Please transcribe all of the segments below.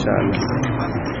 insha Allah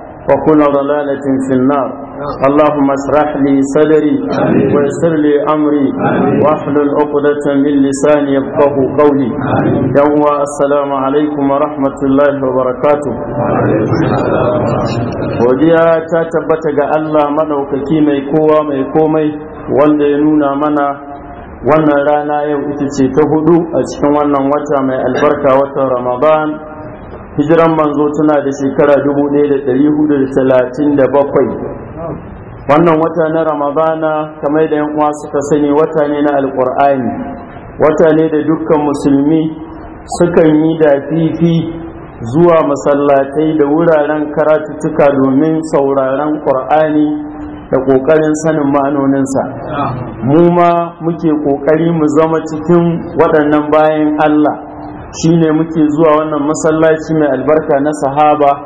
وكل ضلالة في النار اللهم اشرح لي صدري ويسر لي أمري واحلل عقدة من لساني يفقه قولي يوم السلام عليكم ورحمة الله وبركاته وديا تتبتغ الله مدوككي ميكوى ميكومي wanda ya nuna mana wannan rana yau ita ce ta hudu a cikin wannan wata mai albarka watan ramadan hijiran manzo tana da shekara 1437 wannan wata na ramadana kamar da uwa suka sani wata ne na alkur'ani wata ne da dukkan musulmi sukan yi da fifi zuwa masallatai da wuraren karatuttuka domin sauraren ƙur'ani da ƙoƙarin sanin ma'anoninsa mu ma muke ƙoƙari mu zama cikin waɗannan bayan allah Shi ne muke zuwa wannan masallaci mai albarka na sahaba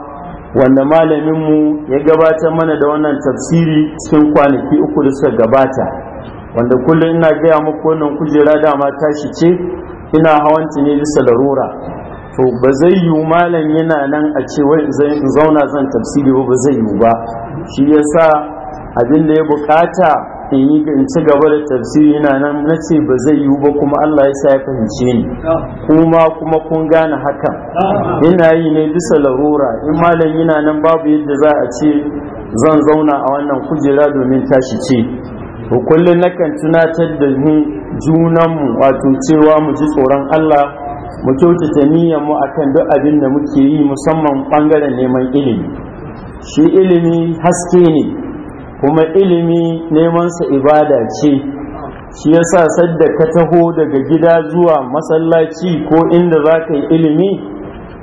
wanda malaminmu ya gabata mana da wannan tafsiri cikin kwanaki uku da suka gabata wanda kullum ina gaya muku wannan kujera dama tashi ce ina hawan ne bisa larura to ba zai yiwu malam yana nan a ce wai zauna zan tafsiri ba ba zai yiwu ba shi yasa abin da ya bukata in yi in ci gaba da tafsiri yana nan na ce ba zai yiwu ba kuma Allah ya sa ya fahimce ni kuma kuma kun gane hakan ina yi ne bisa larura in malam yana nan babu yadda za a ce zan zauna a wannan kujera domin tashi ce to kullum nakan tunatar da mu mu wato cewa mu ji tsoron Allah mu kyautata niyyar mu akan duk abin da muke yi musamman bangaren neman ilimi shi ilimi haske ne kuma ilimi nemansa ibada ce shi yasa sadda ka taho daga gida zuwa masallaci ko inda za ka yi ilimi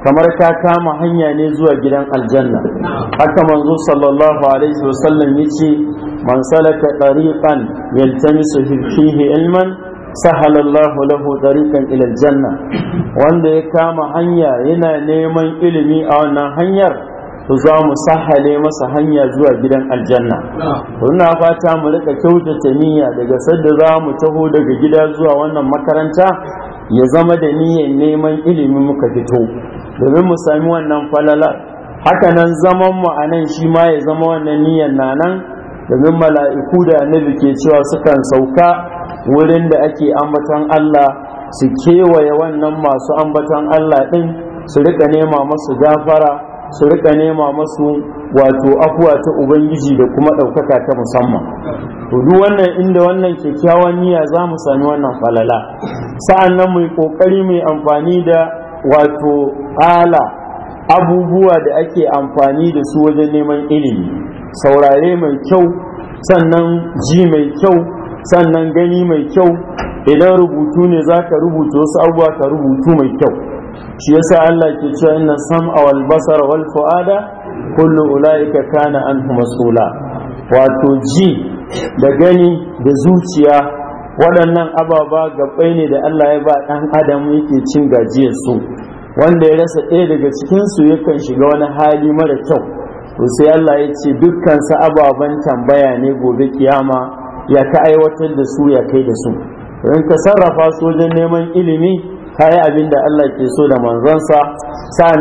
kamar ka kama hanya ne zuwa gidan aljanna haka manzo sallallahu alaihi wasallam ya ce man salaka tariqan yaltamisu fihi ilman sahala Allah lahu tariqan ila aljanna wanda ya kama hanya yana neman ilimi a wannan hanyar za mu sahale masa hanya zuwa gidan aljanna na fata mu rika kyautata niyya daga sadda za mu taho daga gida zuwa wannan makaranta ya zama da niyyar neman ilimi muka fito domin mu sami wannan falala haka nan zaman mu a nan shi ma ya zama wannan niyyar na nan domin mala'iku da annabi ke cewa sukan sauka wurin da ake ambatan Allah su kewaye wannan masu ambatan Allah din su rika nema masu gafara su rika nema masu wato afuwa ta ubangiji da kuma ɗaukaka ta musamman to duk wannan inda wannan kyakkyawan niyya za mu sami wannan falala sa'an nan mu ƙoƙari mai amfani da wato ala abubuwa da ake amfani da su wajen neman ilimi saurare mai kyau sannan ji mai kyau sannan gani mai kyau idan rubutu ne za ka rubuta wasu abubuwa ka rubutu mai kyau shi yasa Allah ke cewa inna sam'a wal basar wal fu'ada kullu ulaika kana anhu mas'ula wato ji da gani da zuciya waɗannan ababa gabai ne da Allah ya ba ɗan adam yake cin gajiyar su wanda ya rasa ɗaya daga cikin su yakan shiga wani hali mara kyau to sai Allah ya ce dukkan sa ababan tambaya ne gobe kiyama ya ka aiwatar da su ya kai da su in ka sarrafa su wajen neman ilimi kayi abin da Allah ke so da manzonsa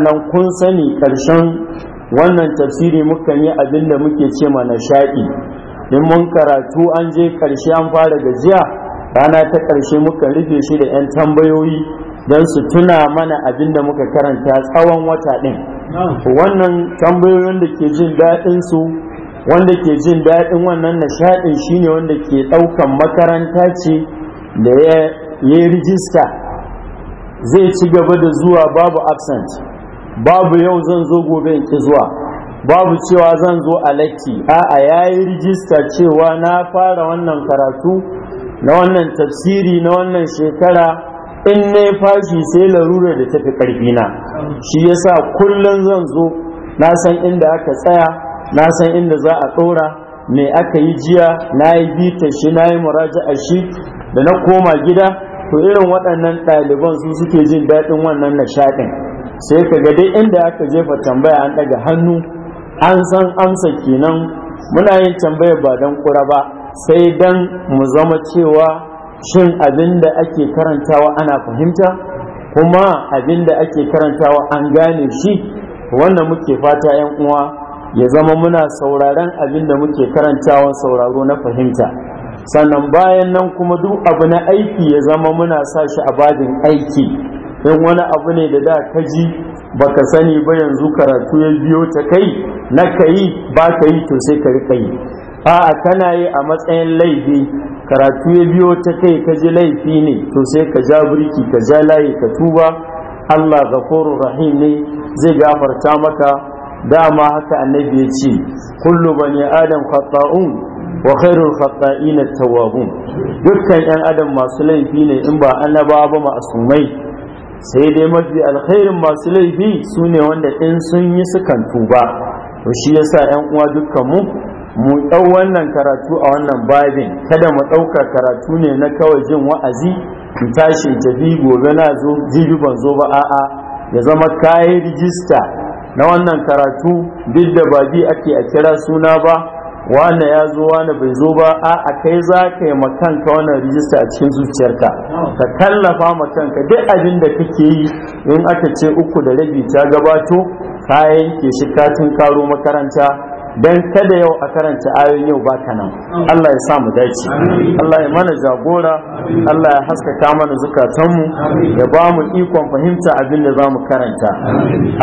nan kun sani ƙarshen wannan tafsiri muka yi abin da muke ce mana nishaɗi. in mun karatu an je ƙarshe an fara gajiya rana ta ƙarshe muka rufe shi da 'yan tambayoyi don su tuna mana abin da muka karanta tsawon wata ɗin wannan tambayoyin da ke jin daɗin wanda ke jin daɗin wannan nishaɗin shine wanda ke ɗaukan makaranta ce da ya yi rijista zai ci gaba da zuwa babu absent babu yau zan zo gobe ki zuwa babu cewa zan zo a latti a'a yi rijista cewa na fara wannan karatu na wannan tafsiri na wannan shekara in na fashi sai larura da tafi karfi na shi yasa kullum zan zo na san inda aka tsaya na san inda za a ɗora me aka yi jiya na yi bita shi na yi a shi da na koma gida to irin waɗannan ɗaliban su suke jin daɗin wannan nishaɗin sai ka ga dai inda aka jefa tambaya an ɗaga hannu an san amsa kenan muna yin tambaya ba don ƙura ba sai don mu zama cewa shin abin da ake karantawa ana fahimta kuma abin da ake karantawa an gane shi wannan muke fata 'yan uwa ya zama muna sauraren abin da muke karantawa sauraro na fahimta sannan bayan nan kuma duk abu na aiki ya zama muna sa shi a bajin aiki in wani abu ne da da ka ji ka sani ba yanzu karatu ya biyo ta kai na ka yi ba ka yi to sai ka rika yi a'a kana yi a matsayin laifi karatu ya biyo ta kai ka ji laifi ne to sai ka ja birki ka ja layi ka tuba Allah ghafurur rahim ne zai gafarta maka dama haka annabi ya ce kullu bani adam khata'un wa khairul khata'in at-tawwabun dukkan yan adam masu laifi ne in ba annaba ba ma'asumai sai dai mafi alkhairin masu laifi sune wanda in sun yi sukan tuba to shi yasa yan uwa dukkan mu mu dau wannan karatu a wannan babin kada mu dauka karatu ne na kawai jin wa'azi in tashi tafi gobe na zo jibi ban zo ba a'a ya zama kayan rijista na wannan karatu duk da ba bi ake a kira suna ba wanda ya zo wanda bai zo ba a a kai za ka yi makanka wannan rijista a cikin zuciyarka ka kallafa makanka duk abin da kake yi in aka ce uku da rabi ta gabato ka yanke shi katin karo makaranta dan kada yau a karanta ayoyin yau baka nan Allah ya sa mu dace Allah ya mana jagora Allah ya haskaka mana zukatanmu ya ba mu ikon fahimta abin da za mu karanta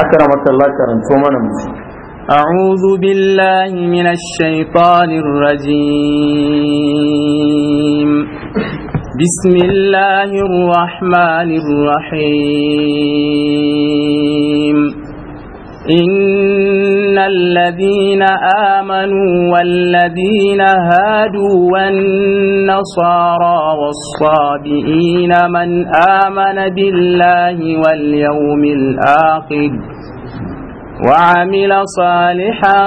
akramaka karanto mana mu أعوذ بالله من الشيطان الرجيم بسم الله الرحمن الرحيم إن الذين آمنوا والذين هادوا والنصارى والصابئين من آمن بالله واليوم الآخر وعمل صالحا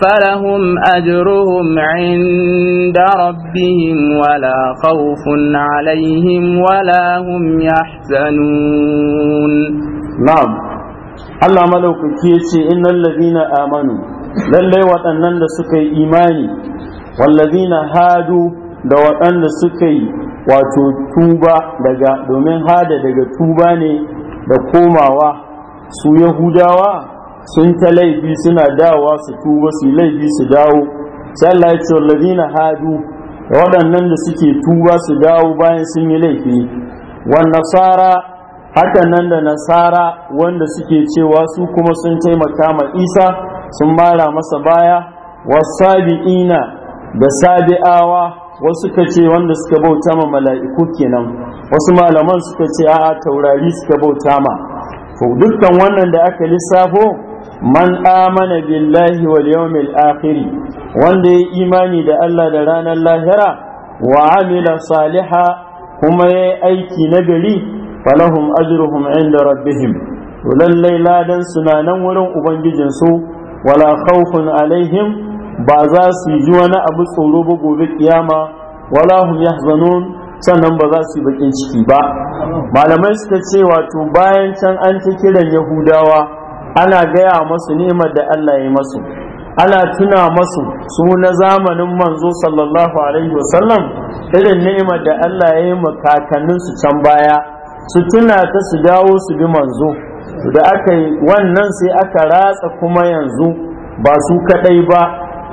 فلهم أجرهم عند ربهم ولا خوف عليهم ولا هم يحزنون نعم الله ملوك كيتي إن الذين آمنوا للي وأنن سكي إيماني والذين هادوا da waɗanda suka yi wato tuba daga domin hada daga tuba ne da komawa su yahudawa sun ta laifi suna dawa su tuba su laifi su dawo sai ya ce na hadu waɗannan da suke tuba su dawo bayan sun yi laifi wani nasara haka nan da nasara wanda suke cewa su kuma sun taimaka ma isa sun mara masa baya wasabi'ina da sabi'awa wasu ka ce wanda suka bauta ma mala'iku kenan wasu malaman suka ce a'a taurari suka bauta ma dukkan wannan da aka lissafo man amana billahi wal yawmil akhir wanda ya imani da Allah da ranar lahira wa amila saliha kuma ya aiki na gari falahum ajruhum inda rabbihim lallai ladan suna nan wurin ubangijinsu wala khawfun alaihim ba za su ji wani abu tsoro ba gobe kiyama wala hum yahzanun sannan ba za su yi bakin ciki ba malamai suka ce wato bayan can an ci kiran yahudawa ana gaya masu nemar da Allah ya masu ana tuna masu su na zamanin manzo sallallahu alaihi wasallam irin ni'imar da Allah ya yi kakannin su can baya su tuna ta su dawo su bi manzo da aka yi wannan sai aka ratsa kuma yanzu ba su kadai ba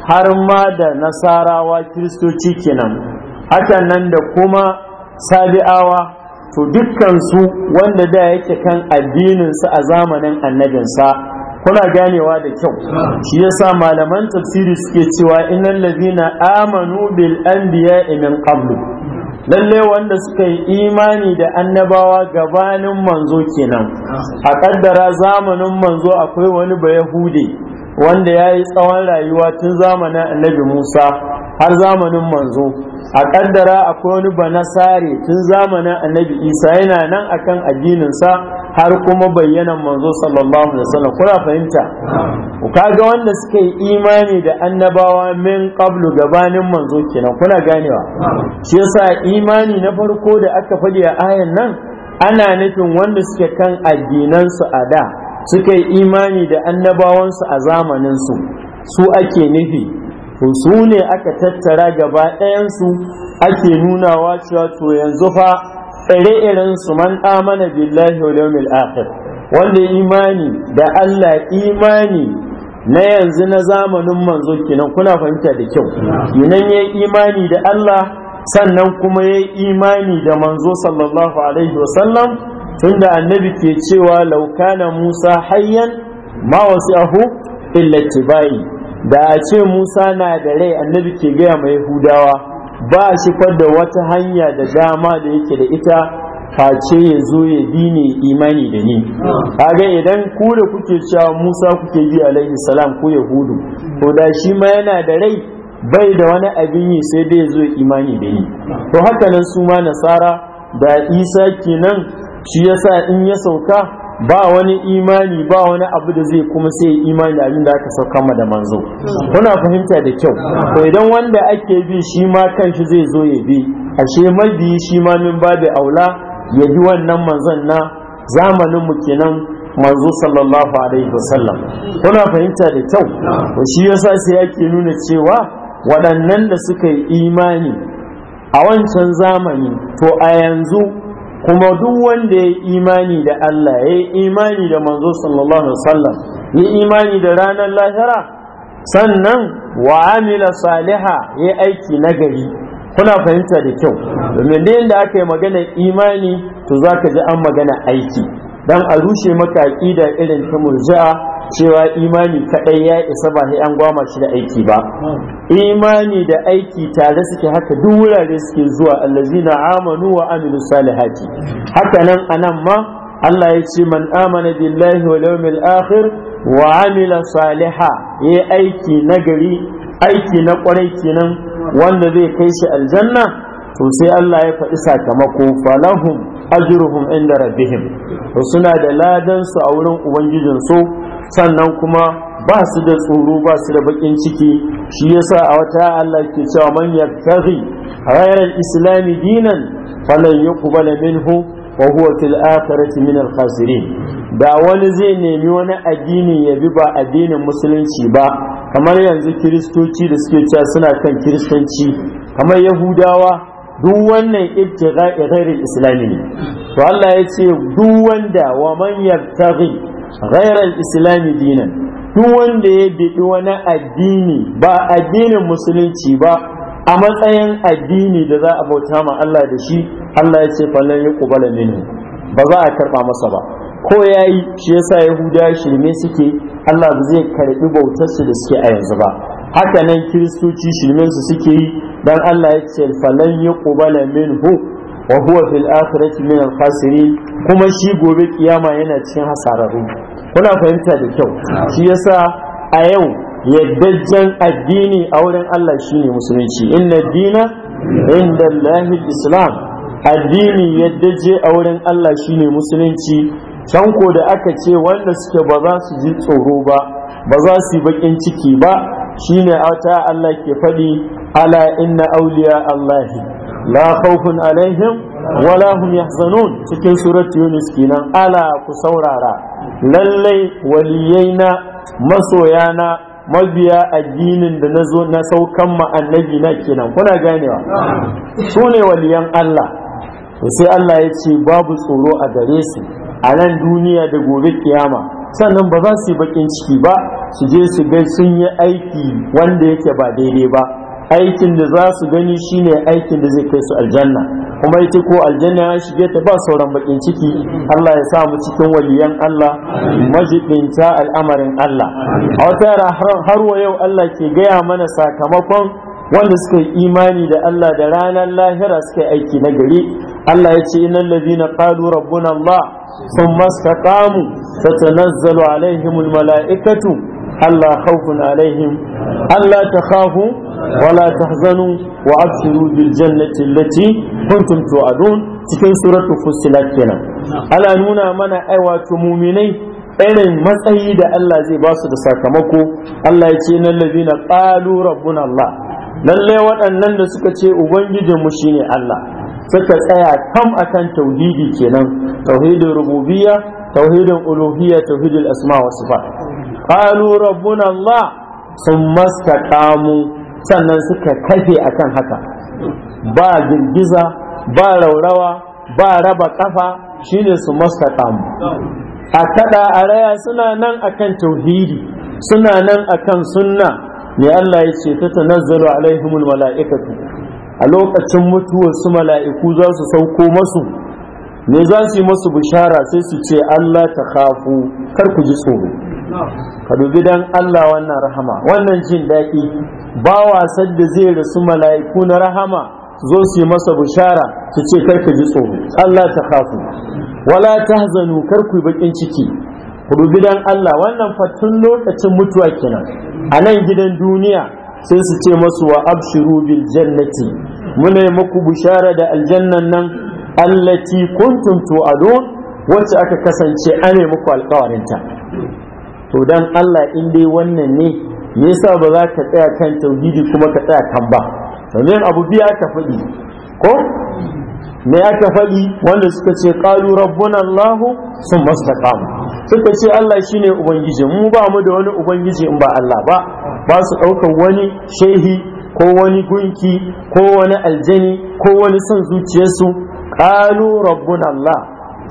har ma da nasarawa kiristoci kenan hakan nan da kuma sabi'awa to dukkansu wanda da yake kan addininsa a zamanin annabinsa kuna ganewa da kyau shi yasa malaman tafsiri suke cewa innal ladina amanu bil Anbiya, min qablu lalle wanda suka yi imani da annabawa gabanin manzo kenan a kaddara zamanin manzo akwai wani bayahude wanda ya yi tsawon rayuwa tun zamanin annabi musa har zamanin manzo a kaddara akwai wani banasare tun zamanin annabi isa yana nan akan addininsa har kuma bayyana manzo sallallahu alaihi wasallam kuna fahimta ku kaga wanda suka yi imani da annabawa min qablu gabanin manzo kenan kuna ganewa shi yasa imani na farko da aka faɗi a ayan nan ana nufin wanda suke kan addinansu a da suka yi imani da annabawansu a zamaninsu su ake nufi to su ne aka tattara gaba ɗayansu ake nunawa cewa to yanzu fa ire-iren su man amana billahi wa yawmil akhir wanda imani da Allah imani na yanzu na zamanin manzo kenan kuna fahimta da kyau inan yayi imani da Allah sannan kuma yayi imani da manzo sallallahu alaihi wasallam tunda annabi ke cewa laukana Musa hayyan ma wasu ahu illa tibai da a ce musa na da rai annabi ke gaya mai hudawa, ba a shi da wata hanya da dama da yake da ita face ya zo ya ne imani da ni kaga idan ku da kuke cewa musa kuke bi alaihi salam ko yahudu ko da shi ma yana da rai bai da wani abin yi sai dai zo imani da ni to haka nan su ma nasara da isa kenan shi yasa in ya sauka ba wani imani ba wani abu da zai kuma sai imani da abin da aka sauka ma da manzo kuna fahimta da kyau to idan wanda ake bi shi ma shi zai zo ya bi ashe mabiyi shi ma min babu aula ya bi wannan manzon na zamanin mu kenan manzo sallallahu alaihi wasallam kuna fahimta da kyau to shi yasa sai yake nuna cewa waɗannan da suka yi imani a wancan zamani to a yanzu kuma duk wanda ya imani da Allah ya imani da manzo sallallahu alaihi wasallam ya imani da ranar lahira sannan wa amila saliha ya aiki nagari kuna fahimta da kyau domin da yadda aka yi magana imani to za ka ji an magana aiki dan a rushe maka aqida irin ta murji'a cewa imani kaɗai ya isa ba ne an gwama shi da aiki ba imani da aiki tare suke haka duk wurare suke zuwa allazina amanu wa amina salihati haka nan anan ma Allah ya ce man amana billahi wa yawmil akhir wa amila saliha ya aiki na gari aiki na kwarai kenan wanda zai kai shi aljanna to sai Allah ya faɗi sakamako falahum ajruhum inda rabbihim to suna da ladan su a wurin ubangijin su sannan kuma ba su da tsoro ba su da bakin ciki shi yasa a wata Allah ke cewa man yattaghi ghayra al-islam dinan falan yuqbala minhu wa huwa fil akhirati min al da wani zai nemi wani addini ya bi ba addinin musulunci ba kamar yanzu kiristoci da suke cewa suna kan kiristanci kamar yahudawa duk wannan ibtigha'i ghairil islami ne to Allah ya ce duk wanda wa man yabtaghi ghairar islami dinan duk wanda ya biɗi wani addini ba addinin musulunci ba a matsayin addini da za a bauta ma Allah da shi Allah ya ce fallan ya kubala mini ba za a karɓa masa ba ko ya yi shi yasa yahuda shirme suke Allah ba zai karɓi bautarsu da suke a yanzu ba haka nan kiristoci shirmensu suke yi dan Allah ya ce fallan ya kubala minhu wa huwa fil akhirati min al khasirin kuma shi gobe kiyama yana cikin hasararru kuna fahimta da kyau shi yasa a yau yaddajjen addini a wurin Allah shine musulunci inna dina inda Allahi islam addini yaddaje a wurin Allah shine musulunci can ko da aka ce wanda suke ba za su ji tsoro ba ba za su yi bakin ciki ba shine ta Allah ke faɗi ala inna auliya Allahi la khawfun alaihim wala hum yahzanun cikin surat yunus kenan ala ku saurara lallai waliyaina masoyana mabiya addinin da nazo na saukan ma annabi na kenan kuna ganewa su ne waliyan Allah to sai Allah ya ce babu tsoro a gare su a nan duniya da gobe kiyama sannan ba za su yi bakin ciki ba su je su ga sun yi aiki wanda yake ba daidai ba aikin da za su gani shine aikin da zai kai su aljanna kuma ita ko aljanna ya shige ta ba sauran bakin ciki Allah ya sa mu cikin waliyan Allah majibinta al'amarin Allah a wata har wa yau Allah ke gaya mana sakamakon wanda suka yi imani da Allah da ranar lahira suka yi aiki na gari Allah ya ce innal ladina qalu rabbuna Allah thumma istaqamu tatanazzalu alaihimul mala'ikatu ألا خوف عليهم ألا تخافوا ولا تحزنوا وأبشروا بالجنة التي كنتم توعدون cikin suratul fussilat kenan ana nuna mana aiwato muminai irin matsayi da Allah zai ba su da sakamako Allah ya ce nan lazina qalu rabbuna Allah lalle waɗannan da suka ce ubangijin mu shine Allah suka tsaya kam akan tauhidi kenan tauhidin rububiyya tauhidin uluhiyya tauhidul asma wa sifat qalu rabbuna Allah sun mastaqamu sannan suka kafe akan haka ba girgiza ba raurawa ba raba kafa shine su mastaqamu a kada a suna nan akan tauhidi suna nan akan sunna ne Allah ya ce ta tanazzalu alaihimul mala'ikatu a lokacin mutuwar su mala'iku za su sauko masu ne za su yi masu bishara sai su ce Allah ta kafu kar ku ji tsoro ka dubi dan Allah wannan rahama wannan jin daɗi bawa sadda zai rasu mala'iku na rahama zo su yi masa bushara su ce kar ka ji tsoro Allah ta kafu wala tahzanu kar ku bakin ciki ku dubi dan Allah wannan fatun lokacin mutuwa kenan a nan gidan duniya sai su ce masu wa abshiru bil jannati muna muku bushara da aljannan nan allati kuntum tu'adun wacce aka kasance ane muku alƙawarinta to dan Allah in dai wannan ne me yasa ba za ka tsaya kan tauhidi kuma ka tsaya kan ba domin abu biya ka faɗi ko me aka faɗi wanda suka ce ƙalu rabbuna allah sun mastaqamu suka ce Allah shine ubangiji mu ba mu da wani ubangiji in ba Allah ba ba su ɗaukar wani shehi ko wani gunki ko wani aljani ko wani son zuciyarsu ƙalu rabbuna Allah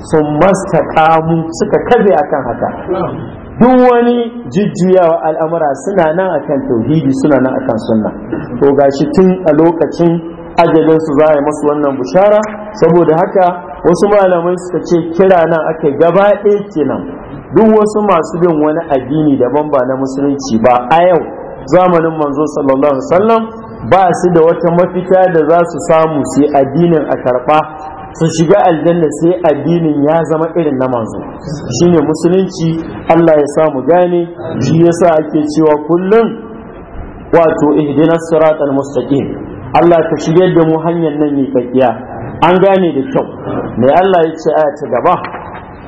sun mastaqamu suka kabe akan haka duk wani jujjuyawa al'amura suna nan akan tauhidi suna nan akan sunna to gashi tun a lokacin ajalin su za a yi masu wannan bushara saboda haka wasu malamai suka ce kira nan aka gaba ɗaya kenan duk wasu masu bin wani addini daban ba na musulunci ba a yau zamanin manzo sallallahu alaihi wasallam ba su da wata mafita da za su samu sai addinin a karɓa su shiga aljanna sai addinin ya zama irin na manzo shine musulunci Allah ya samu gane shi yasa ake cewa kullum wato ihdinas siratal mustaqim Allah ka shigar da mu hanyar nan mai kakkiya an gane da kyau mai Allah ya ce a ta gaba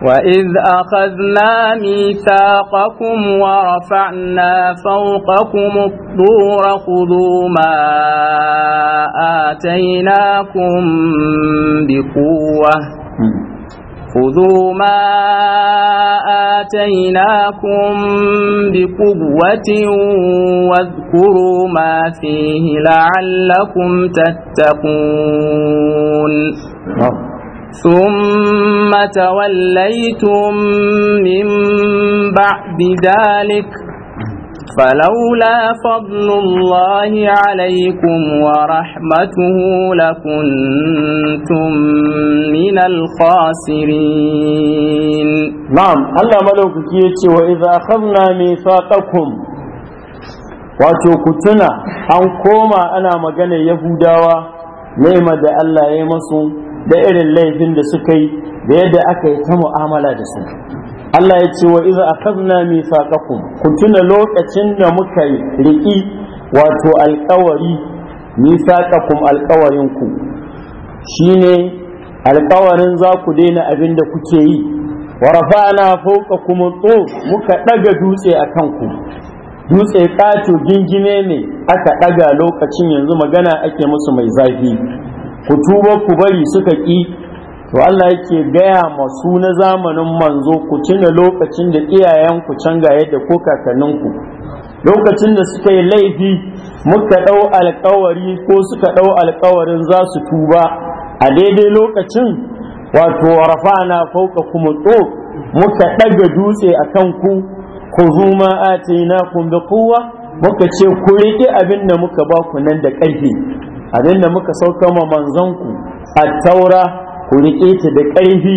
وَإِذْ أَخَذْنَا مِيثَاقَكُمْ وَرَفَعْنَا فَوْقَكُمُ الطُّورَ خُذُوا مَا آتَيْنَاكُمْ بِقُوَّةٍ خذوا ما آتيناكم بقوة واذكروا ما فيه لعلكم تتقون ثم توليتم من بعد ذلك فلولا فضل الله عليكم ورحمته لكنتم من الخاسرين نعم الله ملوك كيتي وإذا أخذنا ميثاقكم wato ku tuna an koma ana magana yahudawa ni'imar da Allah ya masu da irin laifin da suka yi da yadda aka yi ta mu'amala da su Allah ya ce wa iza akhadna mithaqakum ku tuna lokacin da muka riƙi wato alƙawari mithaqakum alƙawarin ku shine alƙawarin za ku daina abin da kuke yi wa rafa'na fawqakum tso muka ɗaga dutse akan ku dutse ƙato gingine ne aka ɗaga lokacin yanzu magana ake musu mai zafi ku tuba ku bari suka ƙi to Allah yake gaya masu na zamanin manzo ku tuna lokacin da iyayenku ku canga yadda ko kakanninku lokacin da suka yi laifi muka ɗau alkawari ko suka ɗau alkawarin za su tuba a daidai lokacin wato rafana fauka kuma tso muka ɗaga dutse akan ku ku zuma a na kun bi kowa muka ce ku riƙe abin da muka ba ku nan da ƙarfi abinda muka sauka ma ku a taura ku riƙe ta da ƙarfi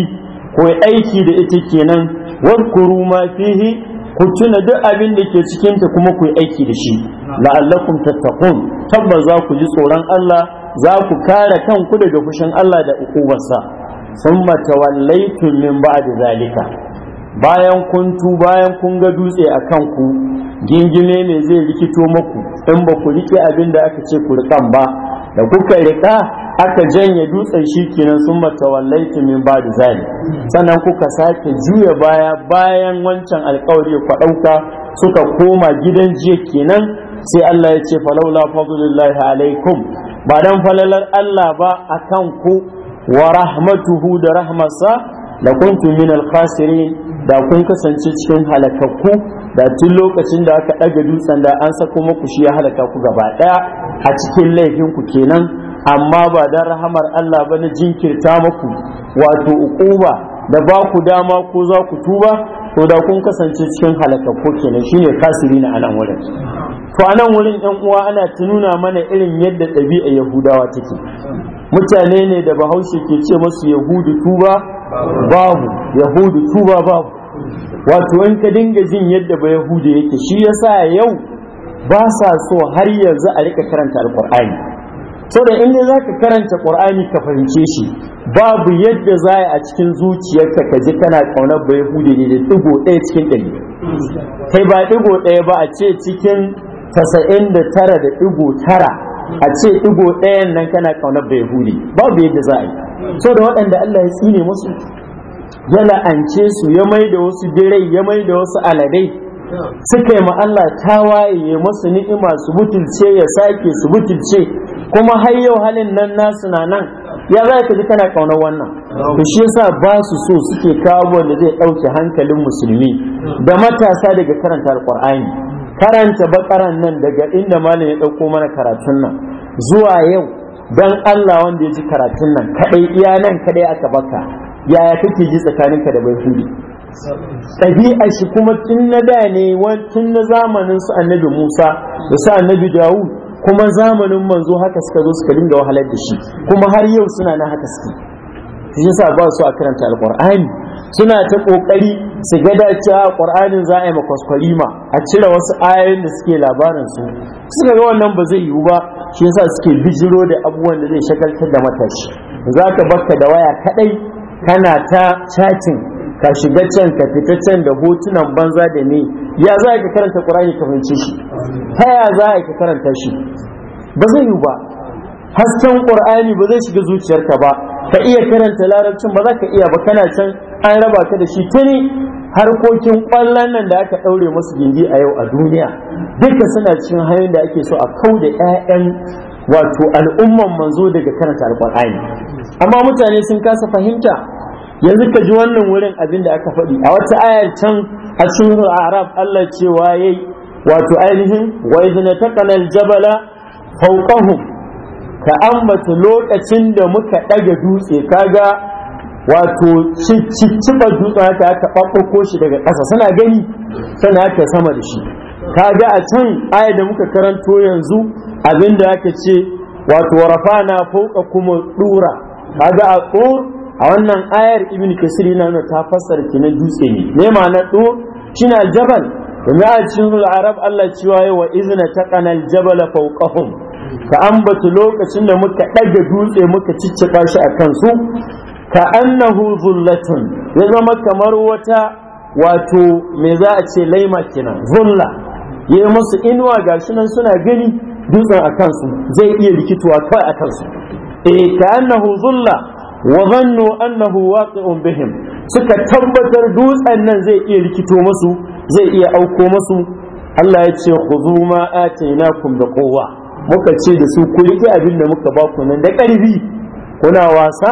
ku aiki da ita kenan ku ma fihi ku tuna duk abin da ke cikinta kuma ku aiki da shi la'allakum tattaqun tabbas za ku ji tsoron Allah za ku kare kanku daga fushin Allah da ukubarsa summa tawallaytum min ba'di zalika bayan kun bayan kun ga dutse a kanku gingime ne zai rikito maku in ba ku rike abin da aka ce ku rikan ba da kuka riƙa aka janye dutsen shi kenan sun matawallaitu min ba da zali sannan kuka sake juya baya bayan wancan alkawari ku ɗauka suka koma gidan jiya kenan sai Allah ya ce falaula fadlullahi alaikum ba dan falalar Allah ba akan ku wa rahmatuhu da rahmasa da kuntum min al da kun kasance cikin halakakku da tun lokacin da aka ɗaga dutsen da an sako maku shi ya halaka ku gaba ɗaya a cikin laifin ku kenan amma ba dan rahamar Allah ba na jinkirta muku wato uquba da ba ku dama ko za ku tuba to da kun kasance cikin ko kenan shine kasiri na anan wurin to anan wurin ɗan uwa ana ta nuna mana irin yadda ɗabi'a yahudawa take mutane ne da bahaushe ke ce masu yahudu tuba babu yahudu tuba babu wato in ka dinga jin yadda ba yahuda yake shi ya sa yau ba sa so har yanzu a rika karanta Sau saboda in dai ka karanta ƙur'ani ka fahimce shi babu yadda za a cikin zuciyarka ka ji kana kaunar ba yahuda ne da digo ɗaya cikin ɗari kai ba digo ɗaya ba a ce cikin tasa'in da tara da digo tara a ce ɗigo ɗayan nan kana kaunar bai huli babu yadda za a yi so da waɗanda Allah ya tsine musu ya la'ance su ya mai da wasu birai ya mai da wasu aladai suka yi Allah tawaye ya masu ni'ima su butulce ya sake su butulce kuma har yau halin nan nasu na nan ya za ka ji kana kaunar wannan to shi yasa ba su so suke kawo da zai ɗauke hankalin musulmi da matasa daga karanta alƙur'ani karanta bakaran nan daga inda malam ya ɗauko mana karatun nan zuwa yau don Allah wanda ya ji karatun nan kaɗai iya nan kaɗai aka baka yaya kake ji ka da bayhudi Ɗabi'a shi kuma tun na da ne tun na zamanin su annabi musa da su annabi dawud kuma zamanin manzo haka suka zo suka dinga wahalar da shi kuma har yau suna na haka suke shi yasa ba su a karanta alqur'ani suna ta kokari su ga dacewa ƙur'anin za a yi makwaskwarima a cire wasu ayoyin da suke labarin su suka ga wannan ba zai yiwu ba shi yasa suke bijiro da abubuwan da zai shagaltar da matashi za ka bakka da waya kaɗai? kana ta chatting ka shiga can ka fita can da hotunan banza da ne ya za ka karanta qur'ani ka fahimci shi ta ya za ka karanta shi ba zai yi ba hasken qur'ani ba zai shiga zuciyarka ba ka iya karanta larabcin ba za ka iya ba kana can an raba ka da shi tuni harkokin ƙwallon nan da aka ɗaure musu gindi a yau a duniya duka suna cikin hanyoyin da ake so a kau da 'ya'yan wato al'umman manzo daga karanta alƙur'ani amma mutane sun kasa fahimta yanzu ka ji wannan wurin abin da aka faɗi a wata ayar can a cikin arab Allah cewa yi? wato ainihin wa ta taqana jabala, faukahu ka ambata lokacin da muka ɗaga dutse kaga wato cicciɓa dutsen haka aka ɓaɓɓako shi daga ƙasa suna gani suna aka sama da shi kaga a can aya da muka karanto yanzu abin da aka ce wato warafa na fauka kuma ɗura. kaga a tsor a wannan ayar ibn kasir yana nuna ta fassara na dutse ne me ma'ana tsur shine aljabal domin a cikin arab Allah cewa yawa izna taqana aljabala fawqahum ka ambata lokacin da muka ɗaga dutse muka ciccika shi a kansu ka annahu zullatun ya zama kamar wata wato me za a ce laima kenan zulla ya musu inuwa gashi nan suna gani dutsen a kansu zai iya rikitowa kawai a kansu كأنه zulla, wa zannu annahu waqi'un bihim suka tabbatar dutsen nan zai iya rikito masu, zai iya auko masu. Allah ya ce khudhu ma atainakum da kowa, muka ce da su ku rike abin da muka ba ku nan da ƙarfi kuna wasa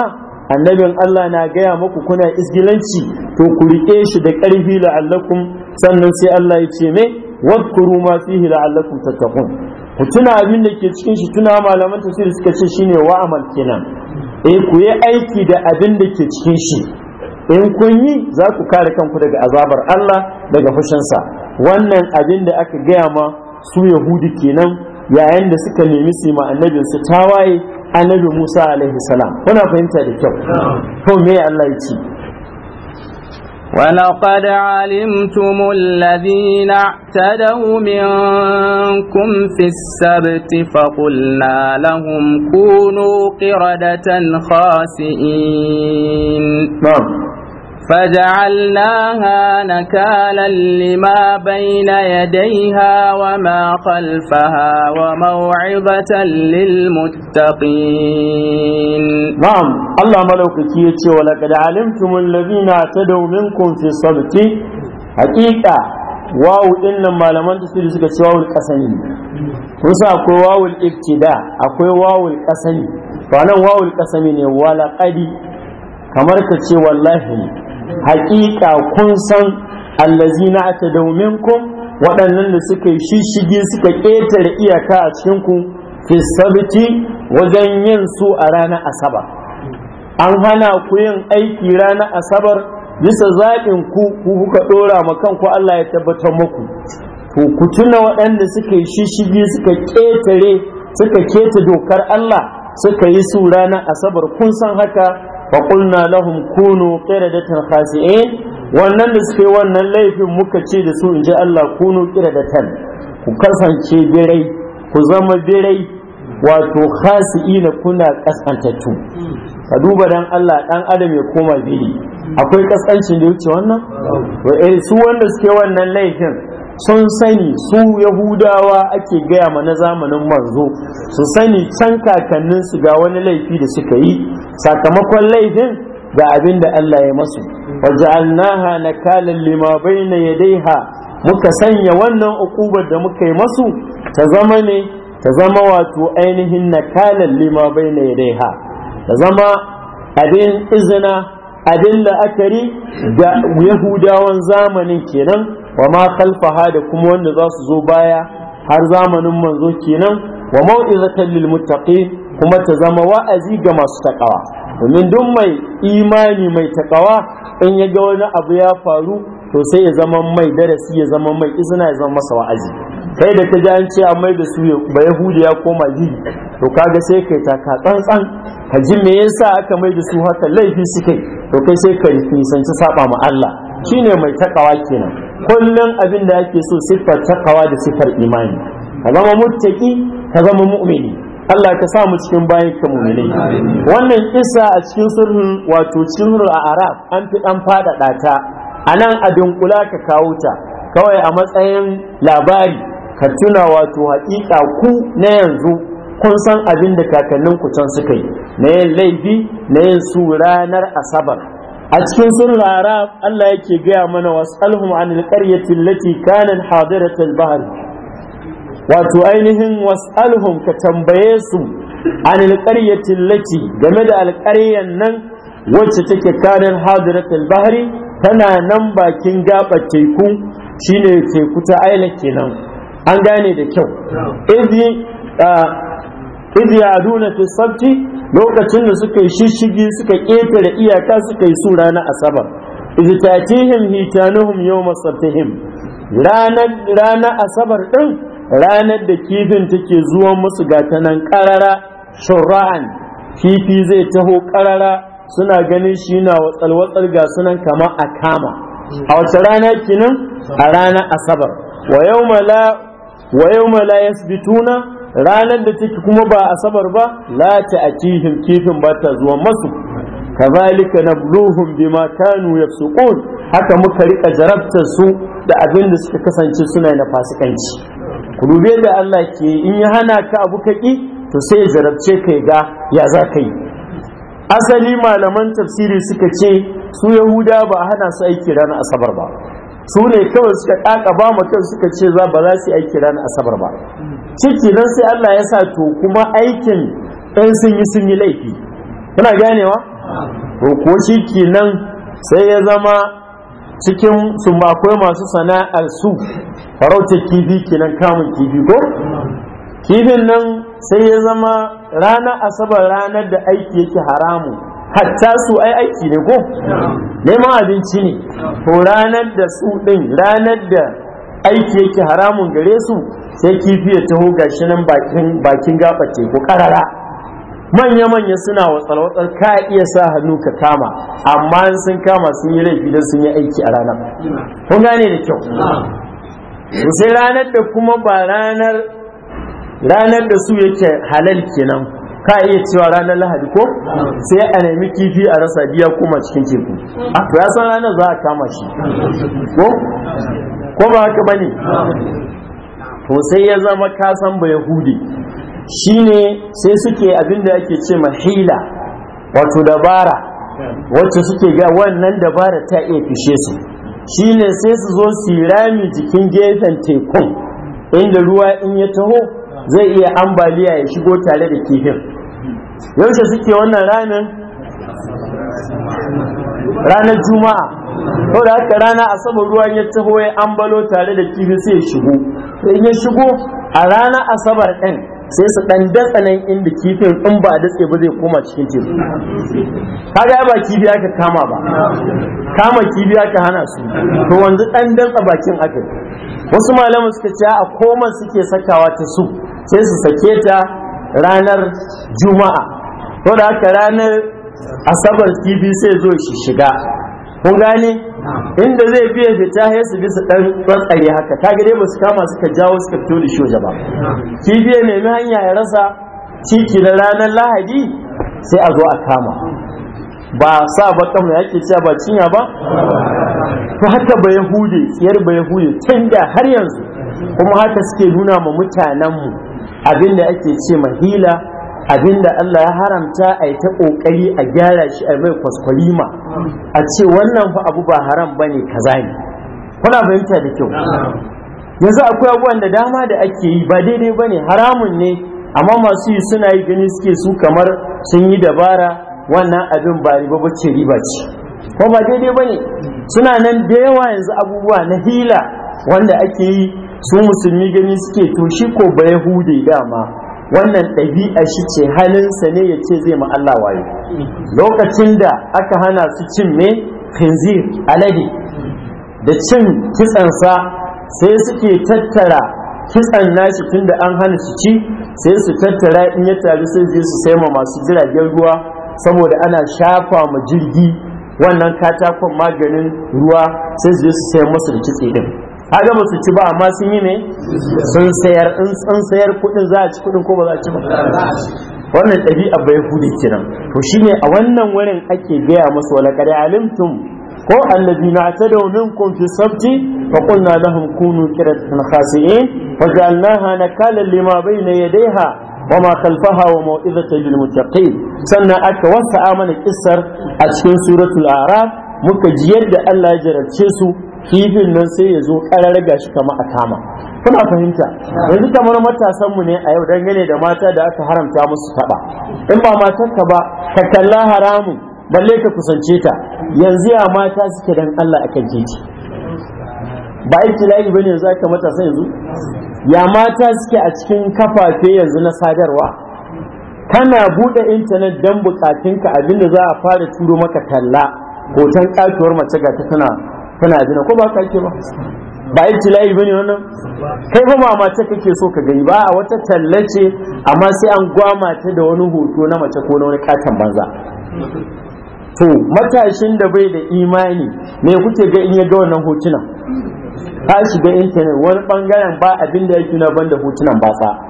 annabin Allah na gaya muku kuna isgilanci to ku rike shi da ƙarfi la'allakum sannan sai Allah ya ce me wadkuru ma fihi la'allakum tattaqun ku tuna abin da ke cikin shi tuna malaman tafsir suka ce shine wa'amal kenan eh ku yi aiki da abin da ke cikin shi in kun yi za ku kare kanku daga azabar Allah daga fushinsa wannan abin da aka gaya ma su yahudi kenan yayin da suka nemi su ma annabin su tawaye annabi Musa alaihi salam kuna fahimta da kyau to me Allah ya ce ولقد علمتم الذين اعتدوا منكم في السبت فقلنا لهم كونوا قردة خاسئين نعم. فجعلناها نكالا لما بين يديها وما خلفها وموعظة للمتقين نعم الله ملوك كيتي ولقد علمتم الذين اعتدوا منكم في الصبت حقيقة واو إنما لمن تسير سكت واو القسمين kusa akwai wawul ibtida akwai wawul kasami to nan wawul kasami ne wala qadi kamar ka ce wallahi haƙiƙa kun san allazina aka ku waɗannan da suka yi shishigi suka ƙetare iyaka a cikinku fi sabiti wajen yin su a ranar asabar an hana ku yin aiki ranar asabar bisa zaɓin ku ku kuka ɗora ma kanku Allah ya tabbatar muku to ku waɗanda suka yi shishigi suka ƙetare suka keta dokar Allah suka yi su ranar asabar kun san haka fa qulna lahum kunu qiradatan khasi'in wannan da suke wannan laifin muka ce da su inji Allah kunu qiradatan ku kasance birai ku zama birai wato khasi'ina kuna kasantattu ka duba dan Allah dan adam ya koma biri akwai kasancin da wuce wannan wa eh, su wanda suke wannan laifin sun sani su yahudawa ake gaya ma na zamanin manzo su sani can kakannin su ga wani laifi da suka yi sakamakon laifin ga abin da Allah ya masu waja'alnaha nakalan lima bayna yadaiha muka sanya wannan ukubar da muka yi masu ta zama ne ta zama wato ainihin nakalan lima bayna yadaiha ta zama abin izina abin la'akari ga yahudawan zamanin kenan wa ma khalfaha da kuma wanda za su zo baya har zamanin manzo kenan wa mau'izatan lil muttaqin kuma ta zama wa'azi ga masu takawa domin duk mai imani mai takawa in ya ga wani abu ya faru to sai ya zama mai darasi ya zama mai izina ya zama masa wa'azi kai da ta ji an ce an mai da su ba yahudi ya koma gidi to kaga sai kai ta, ka tsantsan ka ji me yasa aka mai da su haka laifi suke to kai sai ka nisanci saba ma Allah shine mai takawa kenan kullum abin da ake so siffar takawa da siffar imani ka zama muttaki ka zama mu'mini Allah ka sa mu cikin bayan ka mu'mini wannan Isa a cikin sulhun wato cikin a arab an fi dan faɗaɗa ta anan nan a dunkula ka kawo ta kawai a matsayin labari ka tuna wato haƙiƙa ku na yanzu kun san abin da kakannin ku can suka yi na yin laifi na yin su ranar asabar a cikin sunan arab Allah yake gaya mana wasalhum anil qaryati allati kanat hadirat al-bahr wato ainihin wasalhum ka tambaye su anil qaryati allati game da alƙaryan nan wacce take kanat hadirat al-bahr tana nan bakin gaɓa teku shine teku ta aila kenan an gane da kyau idhi ah, aduna fi sabti lokacin da suka yi shishigi suka ƙetare iyaka suka yi su ranar asabar Izitatihim hitanuhum yau masartihim rana ranar asabar ɗin, ranar da kifin take zuwa musu ga ta nan karara shura'an kifi zai taho ƙarara suna ganin shi na watsal watsal ga sunan kamar a kama a wace rana kinin a ranar asabar wa yau mala wa yawma yasbituna ranar da take kuma ba a asabar ba la a kifin ba ta zuwa masu kazalika na nabluhum bima kanu yafsuqun haka muka rika jarabtar su da abin da suka kasance suna na fasikanci ku dubi da Allah ke in ya hana ka abu ka ƙi, to sai ya jarabce kai ga ya za ka yi asali malaman tafsiri suka ce su yahuda ba hana su aiki ranar asabar ba su ne kawai suka kaka ba mutum suka ce za ba za su aiki ranar asabar ba ciki nan sai Allah ya sa to kuma aikin ɗan sun yi sun yi laifi kuna ganewa to ko ciki nan sai ya zama cikin sun akwai masu sana'ar su farautar kifi kenan kamun kifi ko kifin nan sai ya zama ranar asabar ranar da aiki yake haramu hatta su ai aiki ne ko neman abinci ne to ranar da su ɗin ranar da aiki yake haramun gare su sai kifi ya taho gashi nan bakin bakin gabar teku karara manya-manya suna watsal-watsal ka iya sa hannu ka kama amma sun kama sun yi laifi don sun yi aiki a ranar kun gane da kyau sai ranar da kuma ba ranar ranar da su yake halal kenan ka iya cewa ranar lahadi ko sai a nemi kifi a rasa biya kuma cikin teku ah, to ya san ranar za a kama shi ko ba haka bane to sai ya zama kasan ba yahudi shine sai suke abinda yake ce mahila wato dabara wacce suke ga wannan dabara ta iya fishe su shine sai su zo su rami jikin gefen tekun inda ruwa in ya taho zai iya ambaliya ya shigo tare da kifin yaushe suke wannan ranar ranar juma'a Ko da haka rana a saman ruwan ya taho ya ambalo tare da kifi sai ya shigo in ya shigo a rana asabar din sai su ɗan datsa nan inda kifin in ba a datse ba zai koma cikin teku kaga ba kifi aka kama ba kama kifi aka hana su to wanzu ɗan datsa bakin aka wasu malamu suka ce a koman suke sakawa ta su sai su sake ta ranar juma'a to da haka ranar asabar kifi sai zo shi shiga kun gane inda zai fiye fita ya su bisa dan tsantsare haka ta gare ba su kama suka jawo suka fito da shoja ba kibiya nemi hanya ya rasa ciki na ranar lahadi sai a zo a kama ba sa ba kama ya ke cewa ba cinya ba to haka ba hude, tsiyar ba yahudi tun da har yanzu kuma haka suke nuna ma mutanenmu abinda ake ce ma hila abinda Allah ya haramta a yi ta kokari a gyara shi a mai kwaskwalima a ce wannan fa abu ba haram bane kaza ne kuna fahimta da kyau yanzu akwai abubuwan da dama da ake yi ba daidai bane haramun ne amma masu yi suna yi gani suke su kamar sun yi dabara wannan abin ba riba ba ce riba ce ko ba daidai ba ne suna nan da yawa yanzu abubuwa na hila wanda ake yi su musulmi gani suke to shi ko ba hude dama wannan ɗabi'a shi ce halinsa ne ya ce zai ma Allah wayo lokacin da aka hana su cin mai khinzir alade da cin kitsansa sai suke tattara kitsan nashi tunda an hana su ci sai su tattara in ya taru sai zai su sai ma masu jiragen ruwa saboda ana shafa ma jirgi wannan katakon maganin ruwa sai su je su sai masu da kitse din kaga ba su ci ba amma sun yi ne sun sayar in sun sayar kudin za a ci kudin ko ba za a ci ba wannan ɗabi'a bai hudu kiran to shine a wannan wurin ake gaya musu wala qad alimtum ko allazina atadaw minkum fi sabti fa qulna lahum kunu qiratan khasi'in fa ja'alnaha nakala lima bayna yadayha wa ma khalfaha wa maw'izatan lil muttaqin sannan aka wasa mana kissar a cikin suratul a'raf muka ji yadda Allah ya jarabce su kifin nan sai ya zo ƙarar gashi kama a kama kuna fahimta yanzu kamar matasanmu ne a yau dangane da mata da aka haramta musu taɓa in ba matarka ba ka kalla haramun balle ka kusance ta yanzu ya mata suke dan Allah a kan titi ba layi bane yanzu aka matasa yanzu ya mata suke a cikin kafafe yanzu na sadarwa kana buɗe intanet don bukatunka abinda za a fara turo maka kalla hoton katuwar mace ga ta tana kana jina ko ba ka ke ba ba ibtila'i bane wannan kai fa mace kake so ka gani ba a wata ce amma sai an gwama ta da wani hoto na mace ko na wani katon banza to matashin da bai da imani me kuke ga in ya ga wannan hotunan ka shiga intanet wani bangaren ba abin da yake na banda hotunan ba sa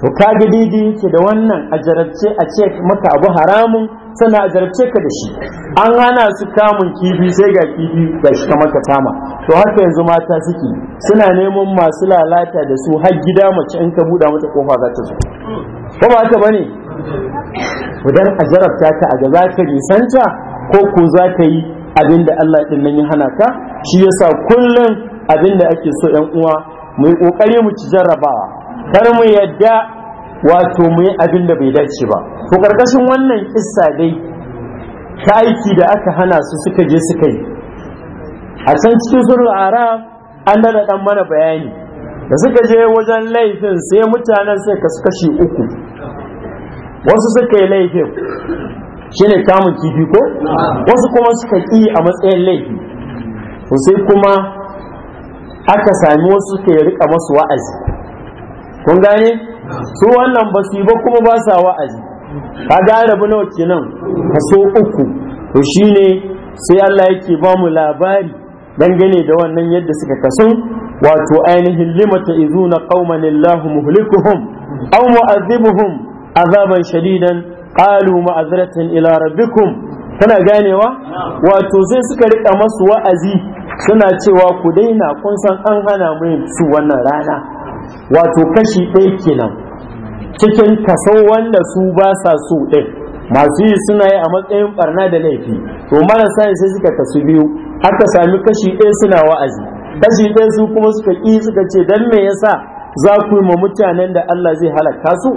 to ka ga didi yake da wannan a jarabce a ce maka abu haramun sannan a jarabce ka da shi an hana su kamun kifi sai ga kifi ga shi kamar ka tama to haka yanzu mata suke suna neman masu lalata da su har gida mace in ka buɗa mata kofa za ta zo ko ba ta bane idan a jarabta ta a ga za ka nisanta ko ko za ka yi abinda Allah ɗin nan ya hana ka shi yasa kullum abinda ake so 'yan uwa mu yi ƙoƙari mu ci jarrabawa kar mu yadda wato mu yi abin da bai dace ba to karkashin wannan kissa dai ta aiki da aka hana su suka je suka yi a can cikin surul ara an da dan mana bayani da suka je wajen laifin sai mutanen sai kasu kashi uku wasu suka yi laifin shine kamun kifi ko wasu kuma suka ƙi a matsayin laifi sai kuma aka sami wasu suka yi rika masu wa'azi kun gane su wannan ba su yi ba kuma ba sa wa'azi ka gane bi nawa kenan kaso uku to shine sai Allah yake ba mu labari dangane da wannan yadda suka kaso wato ainihin limata izuna qauman Allahu muhlikuhum aw mu'adhibuhum azaban shadidan qalu ma'azratan ila rabbikum kana ganewa wato sai suka rika masu wa'azi suna cewa ku daina kun san an hana mu su wannan rana wato kashi ɗaya kenan cikin kaso wanda su ba sa so ɗin masu yi suna yi a matsayin barna da laifi to marasa yi sai suka kasu biyu aka sami kashi ɗaya suna wa'azi kashi ɗaya su kuma suka ƙi suka ce dan me yasa za ku yi ma mutanen da Allah zai halaka su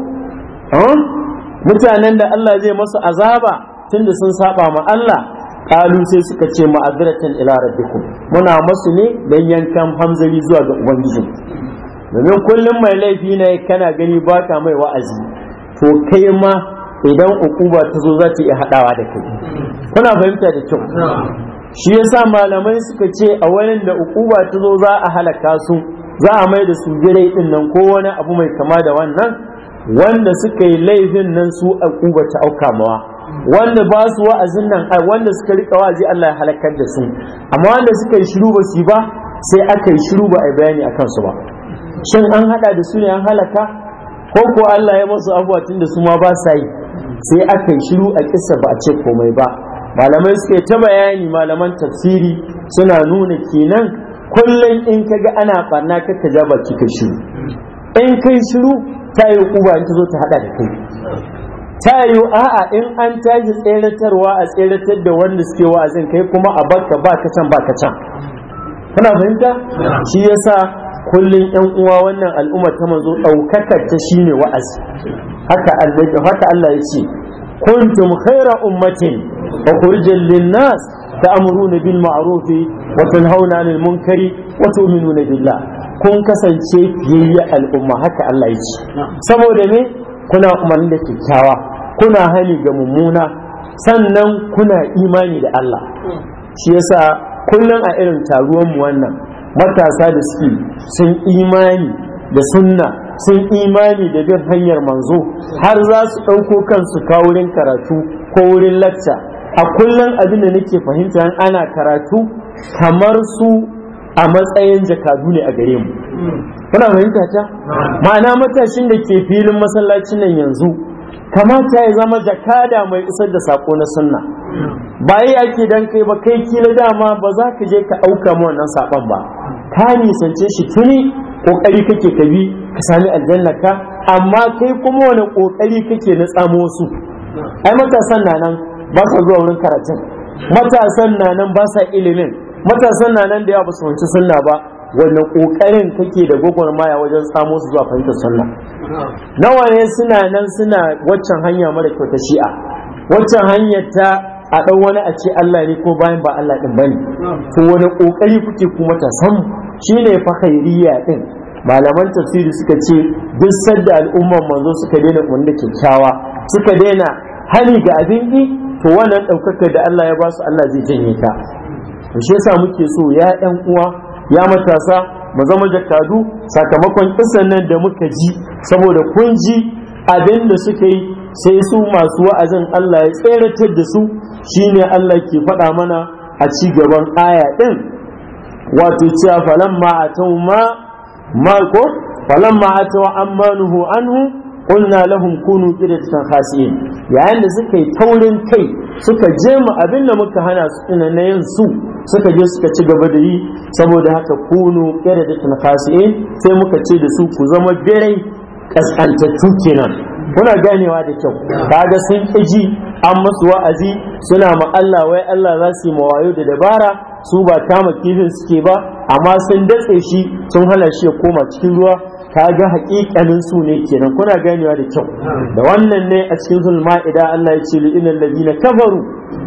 mutanen da Allah zai masu azaba tunda sun saba ma Allah Ƙalu sai suka ce ma'aziratan ila rabbikum muna masu ne don yankan hamzari zuwa ga ubangiji domin kullum mai laifi ne kana gani baka mai wa'azi to kai ma idan ukuba ta zo za ta iya haɗawa da kai kuna fahimta da kyau shi yasa malamai suka ce a wani da ukuba ta zo za a halaka su za a mai da su gire din nan ko wani abu mai kama da wannan wanda suka yi laifin nan su ukuba ta auka mawa wanda ba su wa'azin nan wanda suka rika wa'azi Allah ya halakar da su amma wanda suka yi shiru ba su ba sai aka yi shiru ba a bayani a kansu ba shin an hada da su ne an halaka ko ko Allah ya masu abuwa tun da su ma ba sa yi sai aka yi shiru a kisa ba a ce komai ba malamai suke ta bayani malaman tafsiri suna nuna kenan kullum in kaga ana barna ka ka ja baki ka shiru in kai shiru ta yi kuba in ta zo ta hada da kai ta yi a'a in an tashi tseratarwa a tseratar da wanda suke wa'azin kai kuma a baka ba ka can ba ka can kana fahimta shi yasa kullun yan uwa wannan al'ummar ta manzo daukakar ta shine wa'azi haka annabi haka Allah ya ce kuntum khaira ummatin ukhrijal lin-nas ta'muruna bil ma'ruf wa tanhauna 'anil munkari wa tu'minuna billah kun kasance fiyayya al'umma haka Allah ya ce saboda me kuna umarni da kyakkyawa kuna hani ga mummuna sannan kuna imani da Allah shi yasa kullum a irin taruwan mu wannan matasa da suke sun imani da sunna sun imani da bin hanyar manzo har za su ɗauko kansu kawo wurin karatu ko wurin lacca a kullum abin da nake fahimta ana karatu kamar su a matsayin jakadu ne a gare mu kuna fahimta ta ma'ana matashin da ke filin masallacin nan yanzu kamata ya zama jakada mai isar da sako na sunna ba yi ake dan kai ba kai kila dama ba za ka je ka auka ma wannan saban ba ka nisance shi tuni kokari kake ka bi ka sami aljanna ka amma kai kuma wani kokari kake na tsamo su ai matasan na nan ba sa zuwa wurin karatun matasan na nan ba sa ilimin matasan na nan da yawa ba su wanci sunna ba wanda kokarin take da maya wajen samo su zuwa fahimtar sunna nawa ne suna nan suna waccan hanya mara kyauta ta shi'a waccan hanyar ta a ɗan wani a ce Allah ne ko bayan ba Allah ɗin bane to wani ƙoƙari kuke kuma ta samu shine fa khairiyya ɗin malaman tafsiri suka ce duk sadda al'ummar manzo suka daina wanda kyakkyawa suka daina hani ga abin ki to wannan ɗaukakar da Allah ya ba su Allah zai janye ta to shi yasa muke so ya ɗan uwa ya matasa mu zama jakadu sakamakon kisan nan da muka ji saboda kun ji abin da suka yi sai su masu wa'azin Allah ya tseratar da su shine Allah ke faɗa mana a ci gaban aya ɗin wato cewa falan ma'atau ma ma ko falan ma'atau ammanuhu anhu qulna lahum kunu qidatan khasiin yayin da suka yi taurin kai suka je mu abin da muka hana su na yin su suka je suka ci gaba da yi saboda haka kunu kere da tunakasi'in sai muka ce da su ku zama birai kasantattu kenan kuna ganewa da kyau kaga sun ji an masu wa'azi suna ma Allah wai Allah za su yi mawayo da dabara su ba kama kifin suke ba amma sun datse shi sun hana shi ya koma cikin ruwa Ka ga haƙiƙanin su ne kenan kuna ganewa da kyau da wannan ne a cikin zulma idan Allah ya ce li inal ladina kafaru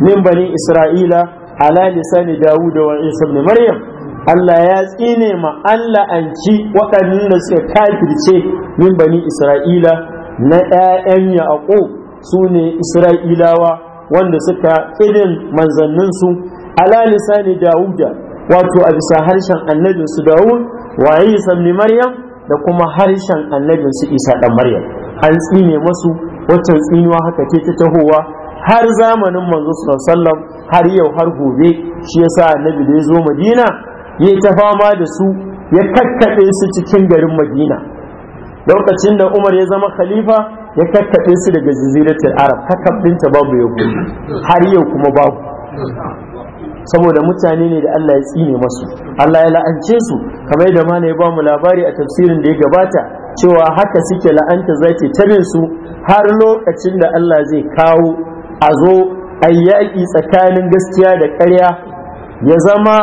min bani isra'ila ala lisani dawud wa isa ibn maryam Allah ya tsine ma Allah ci waɗannan da suka kafirce min bani isra'ila na ƴaƴan yaqo su ne isra'ilawa wanda suka manzannin manzanninsu ala lisani dawuda wato a bisa harshen annabinsu dawud wa isa ibn maryam da kuma harshen annabin su isa dan maryam an tsine masu waccan tsinuwa haka ce ta tahowa har zamanin manzo sallallahu har yau har gobe shi yasa annabi da ya zo madina ya ta fama da su ya kakkaɓe su cikin garin madina lokacin da umar ya zama khalifa ya kakkaɓe su daga jaziratul arab kakkabinta babu yau har yau kuma babu saboda mutane ne da Allah ya tsine masu Allah ya la'ance su kamar da ma ya ba mu labari a tafsirin da ya gabata cewa haka suke la'anta zai ce tare su har lokacin da Allah zai kawo a zo ayyaki tsakanin gaskiya da ƙarya ya zama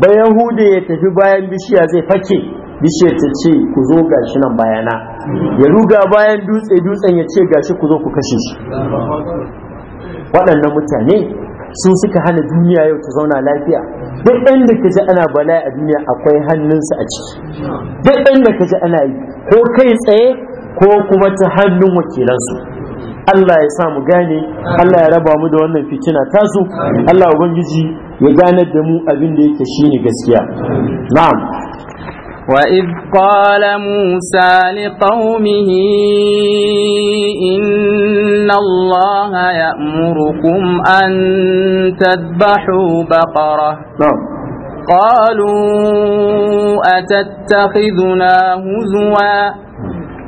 bayahude ya tafi bayan bishiya zai fake bishiyar ta ce ku zo gashi nan bayana ya ruga bayan dutse dutsen ya ce gashi ku zo ku kashe shi waɗannan mutane Sun suka hana duniya yau ta zauna lafiya duk inda ka ji ana bala'i a duniya akwai hannunsu a ciki duk inda ka ji ana yi ko kai tsaye ko kuma ta hannun wakilansu Allah ya sa mu gane Allah ya raba mu da wannan fitina tasu Allah ubangiji ya ganar da mu abin da yake shine gaskiya na'am وإذ قال موسى لقومه إن الله يأمركم أن تذبحوا بقرة نعم. قالوا أتتخذنا هزواً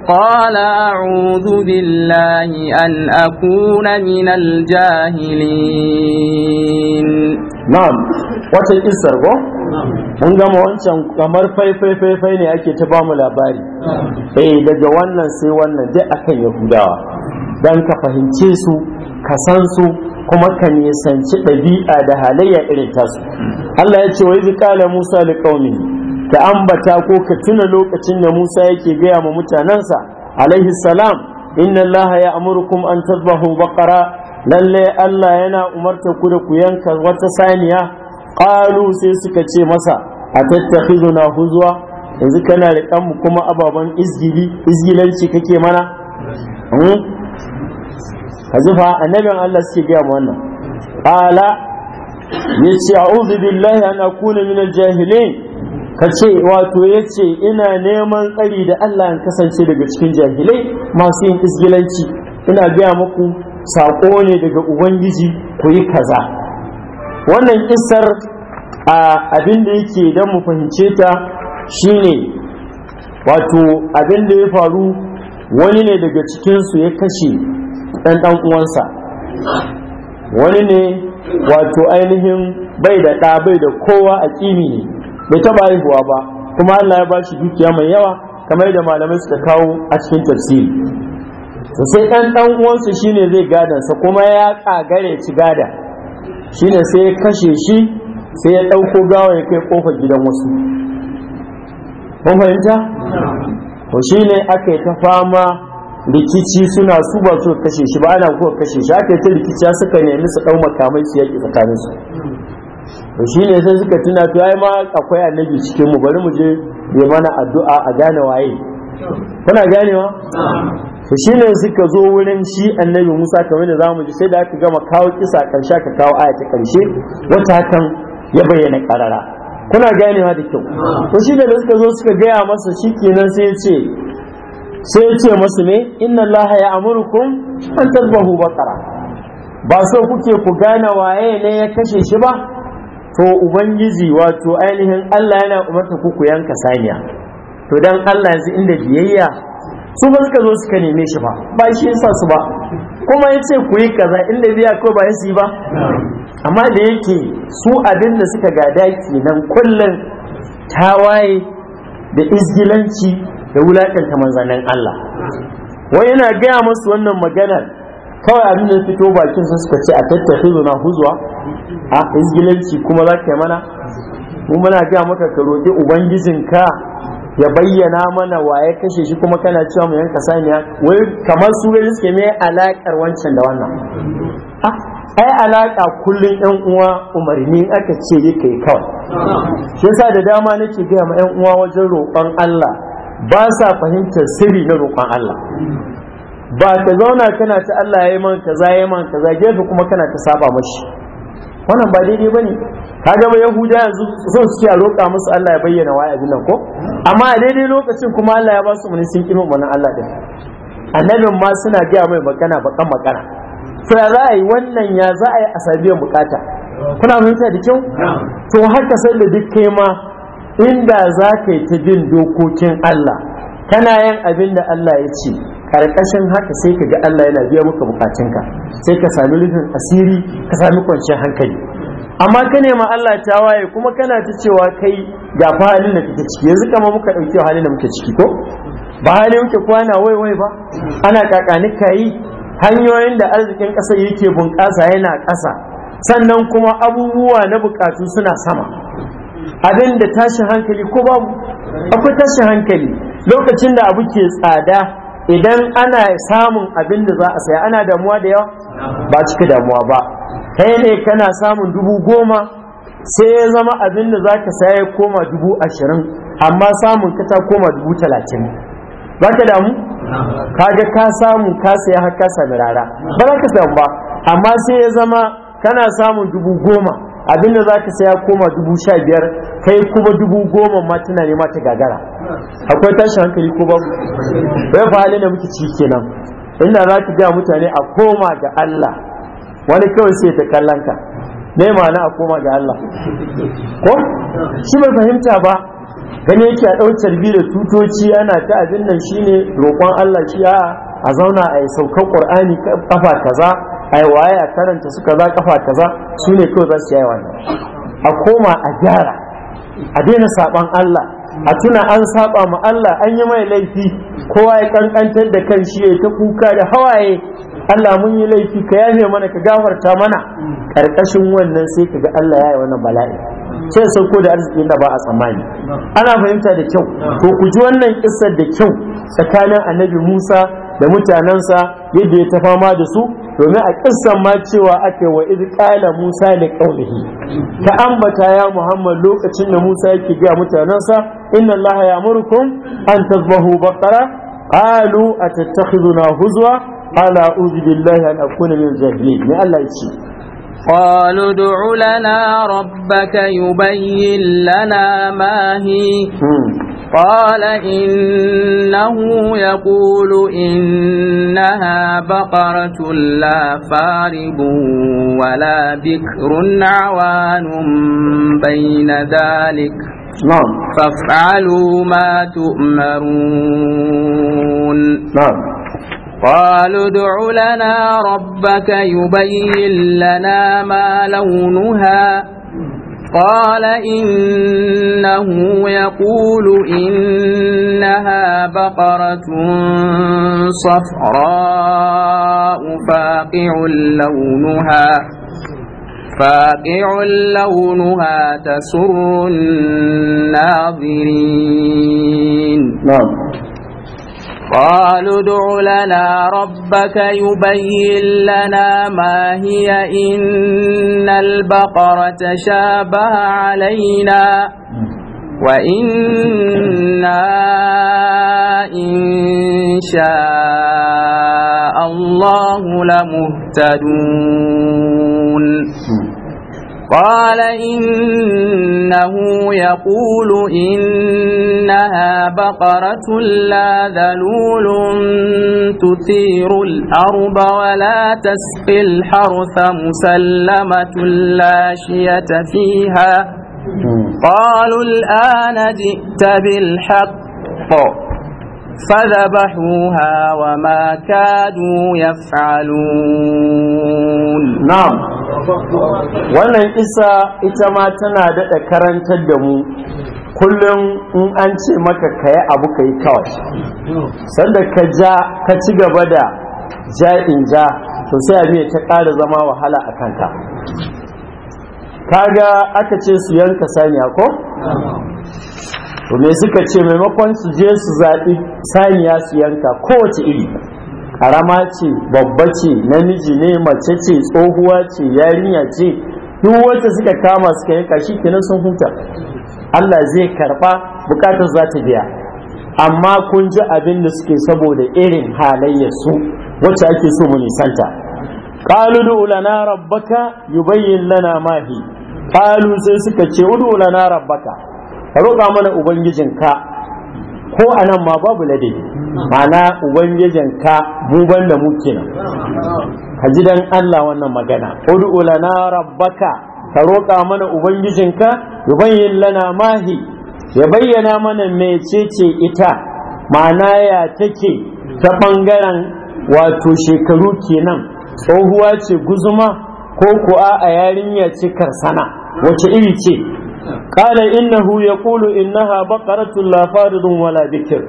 قال أعوذ بالله أن أكون من الجاهلين نعم wata isar ko mun gama wancan kamar faifai ne ake ta bamu labari eh daga wannan sai wannan duk akan yahudawa dan ka fahimce su ka san su kuma ka nisanci ɗabi'a da halayya irin tasu mm. Allah ya ce wa iz qala Musa liqaumihi ka ambata ko ka tuna lokacin da Musa yake gaya ma mutanensa alaihi salam inna allaha ya amurkum an tadbahu baqara lalle Allah yana umarta ku da ku yanka wata saniya qalu sai suka ce masa atattakhizuna huzwa yanzu kana riƙan mu kuma ababan izgili izgilanci kake mana hazifa hmm? annabin Allah suke gaya ma wannan qala yace a'udhu billahi an akuna min al-jahilin ka ce wato ya ce ina neman tsari da Allah ya kasance daga cikin jahilai masu yin isgilanci ina gaya muku saƙo ne daga ubangiji ku yi kaza wannan kisar abin da yake don mu fahimce ta shine wato abin da ya faru wani ne daga cikinsu ya kashe ɗan uwansa wani ne wato ainihin bai da ɗa bai da kowa a ƙimi ne bai taba haihuwa ba kuma Allah ya bashi dukiya mai yawa kamar da malamai suka kawo a cikin tafsiri to sai dan dan uwansa shine zai gadan sa kuma ya kagare ci gada shine sai ya kashe shi sai ya dauko gawa ya kai kofar gidan wasu kun fahimta to shine aka yi ta fama rikici suna su ba su kashe shi ba ana kuwa kashe shi aka ta rikici suka nemi su dau makamai su yaki tsakanin su to ne sai suka tuna to ai ma akwai annabi cikin mu bari mu je bai mana addu'a a gane waye kuna ganewa to ne suka zo wurin shi annabi Musa kamar da zamu ji sai da aka gama kawo kisa karshe ka kawo aya ta karshe wata kan ya bayyana karara kuna ganewa da kyau to ne da suka zo suka gaya masa shikenan sai ya ce sai ya ce masu ne inna Allah ya amurkum an tadbahu baqara ba so kuke ku gane waye ne ya kashe shi ba to ubangiji wato ainihin Allah yana umarta ku ku yanka saniya to dan Allah yanzu inda biyayya su ba suka zo suka neme shi ba ba shi yasa su ba kuma ya ce ku yi kaza inda biya ko ba ya ba amma da yake su abin da suka gada kenan kullum tawaye da izgilanci da wulakanta manzanin Allah wai yana gaya musu wannan magana kawai abin da fito bakin sun suka ce a tattafi na huzwa a izgilanci kuma za ka mana mu muna ga maka ka roƙi ubangijinka ya bayyana mana waye kashe shi kuma kana cewa mu yanka saniya wai kamar su ne suke mai alaƙar wancan da wannan ai alaƙa kullum yan uwa umarni aka ce yi kai kawai shi yasa da dama nake gaya ma yan uwa wajen roƙon Allah ba sa fahimtar sirri na roƙon Allah ba ka zauna kana ta Allah ya yi man kaza ya yi man kaza gefe kuma kana ta saba mashi wannan ba daidai ba ne ka gaba yahuda yanzu son su a roƙa musu Allah ya bayyana waya nan ko amma a daidai lokacin kuma Allah ya ba su muni sun kima wannan Allah din annabin ma suna gaya mai magana bakan magana to ya za a yi wannan ya za a yi a sabiyan bukata kuna fahimta da kyau to haka sai da duk kai ma inda za ka yi ta bin dokokin Allah kana yin abin da Allah ya ce karkashin haka sai ka ga Allah yana biya maka bukatunka sai ka sami rufin asiri ka sami kwanciyar hankali amma ka nema Allah ta waye kuma kana ta cewa kai ga fa halin da kake ciki yanzu kama muka ɗauki halin da muke ciki ko ba halin muke kwana wai wai ba ana kakanika yi hanyoyin da arzikin ƙasar yake bunƙasa yana ƙasa sannan kuma abubuwa na bukatu suna sama abin da tashin hankali ko babu akwai tashin hankali lokacin da abu ke tsada idan ana samun abin da za a saya ana damuwa da yawa ba cika damuwa ba kai ne kana samun dubu goma sai ya zama abin da za ka saya koma dubu ashirin amma samun ka koma dubu talatin ba ka damu kaga ka samu ka saya har ka sami rara ba za ka samu ba amma sai ya zama kana samun dubu goma abin da za ka saya koma dubu sha biyar kai kuma dubu goma ma tana nema ta gagara akwai tashi hankali ko babu bai fa halin da muke ci kenan inda za ki ga mutane a koma ga Allah wani kawai sai ta kallon ka me ma'ana a koma ga Allah ko shi bai fahimta ba gani yake a ɗaucar biyu da tutoci ana ta abin nan shine roƙon Allah shi a a zauna a yi saukan ƙur'ani kafa kaza a yi waye a karanta su kaza kafa kaza su ne kawai za su yi wannan a koma a gyara a daina saɓan Allah a tuna an saba ma Allah an yi mai laifi kowa ya kankantar da kan shi ta kuka da hawaye Allah mun yi laifi ka yafe mana ka gafarta mana karkashin wannan sai kaga Allah ya yi wannan bala'i sai sauko da arziki da ba a tsammani ana fahimta da kyau to ku ji wannan kissar da kyau tsakanin annabi Musa da mutanensa yadda ya ta fama da su domin a kissan ma cewa ake wa iz qala musa li qaumihi ka ambata ya muhammad lokacin da musa yake ga mutanensa inna ya ya'murukum an tazbahu baqara qalu atattakhiduna huzwa ala uzu billahi an akuna min zalimin ne allah ya ce قالوا ادع لنا ربك يبين لنا ما هي قال إنه يقول إنها بقرة لا فارب ولا بكر عوان بين ذلك نعم فافعلوا ما تؤمرون نعم قالوا ادع لنا ربك يبين لنا ما لونها قال إنه يقول إنها بقرة صفراء فاقع لونها فاقع لونها تسر الناظرين نعم قالوا ادع لنا ربك يبين لنا ما هي إن البقرة تشابه علينا وإنا إن شاء الله لمهتدون قال إنه يقول إنها بقرة لا ذلول تثير الأرض ولا تسقي الحرث مسلمة لا شية فيها قالوا الآن جئت بالحق فذبحوها وما كادوا يفعلون نعم wannan isa ita ma tana daɗa karantar da mu kullum in an ce maka ka yi abu ka yi kawai sanda ka ja ka ci gaba da ja'in ja to sai miya ta ƙara zama wahala a kanka kaga aka ce su yanka saniya ko to me suka ce maimakon su je su zaɓi saniya su yanka kowace iri karama ce babba ce namiji ne mace ce tsohuwa ce yarinya ce duk wacce suka kama suka yanka shi kenan sun huta Allah zai karɓa bukatar za ta biya amma kun ji abin da suke saboda irin halayyarsu, wacce ake so mu nisanta qalu du'u lana rabbaka yubayyin lana ma hi sai suka ce ud'u rabbaka ka roƙa mana ubangijinka ko a nan ma babu ladabi ma'ana ubangijinka buban da muke nan ka ji dan Allah wannan magana ud'u lana rabbaka ka roƙa mana ubangijinka yubayyin lana mahi ya bayyana mana mecece ita ma'ana ya take ta bangaren wato shekaru kenan tsohuwa ce guzuma ko kuwa a yarinya ce karsana wace iri ce qala innahu yaqulu innaha baqaratun la faridun wala bikr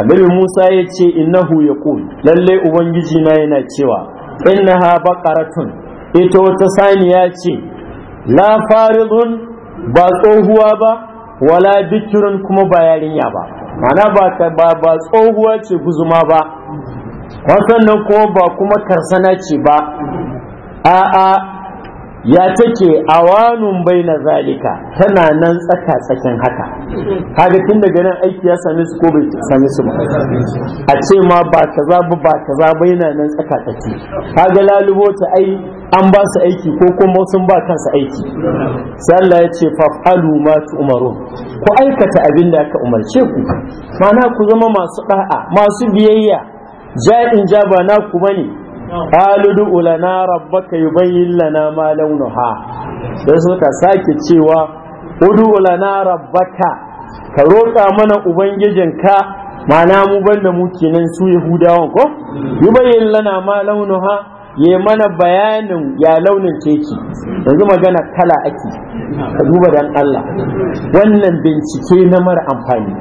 annabi Musa ya ce innahu kul, lallai ubangiji na yana cewa innaha baqaratun ita wata saniya ce la ba tsohuwa ba wala bikirun kuma ba ba mana ba ba tsohuwa ce guzuma ba wasannan kuma ba kuma karsana ce ba a'a ya take awanun bai na zalika tana nan tsaka tsakin haka kaga tun daga nan aiki ya same su ko bai same su ba a ce ma ba ta zabu ba ta, zabu yana nan tsaka tsaki kaga lalubo ta ai an ba su aiki ko kuma sun ba kansu aiki sai Allah ya ce fa'alu ma tu'maru ku aikata abin da aka umarce ku mana ku zama masu da'a masu biyayya ja'in ja ba na ku bane qalu du'u lana rabbaka yubayyin lana ma launuha sai suka sake cewa udu lana rabbaka ka roƙa mana ubangijinka mana mu banda mu kenan su yahudawa ko yubayyin lana ma launuha ya mana bayanin ya launin teki yanzu magana kala ake ka duba dan Allah wannan bincike na mara amfani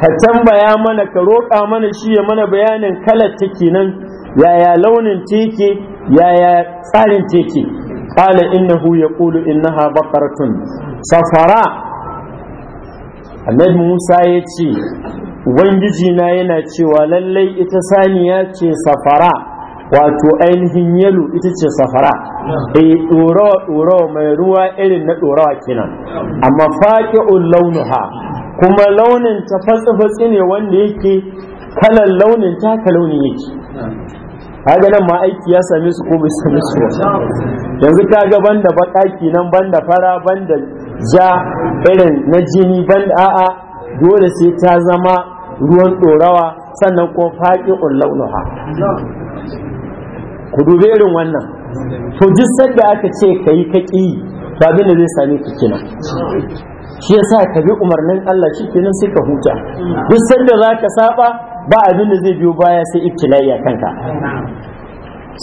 ka tambaya mana ka roƙa mana shi ya mana bayanin kalar take nan yaya launin teki yaya tsarin teki qala innahu yaqulu innaha baqaratun safara annabi Musa ya ce ubangiji na yana cewa lallai ita saniya ce safara wato ainihin yalo ita ce safara eh ɗorawa ɗorawa mai ruwa irin na ɗorawa kenan amma faƙi'un launuha kuma launin ta fatsi ne wanda yake kalan launin taka launin yake kaga nan ma aiki ya same su ko bai same su ba? yanzu kaga banda bakaki nan banda fara banda ja irin na jini banda a'a dole sai ta zama ruwan dorawa sannan ko faƙi launuha ku dubi irin wannan to duk sanda aka ce kai ka ki ba da zai same ka kina shi yasa ka bi umarnin Allah shi kenan sai ka huta duk sanda ka saba ba abin da zai biyo baya sai ibtila'i a kanka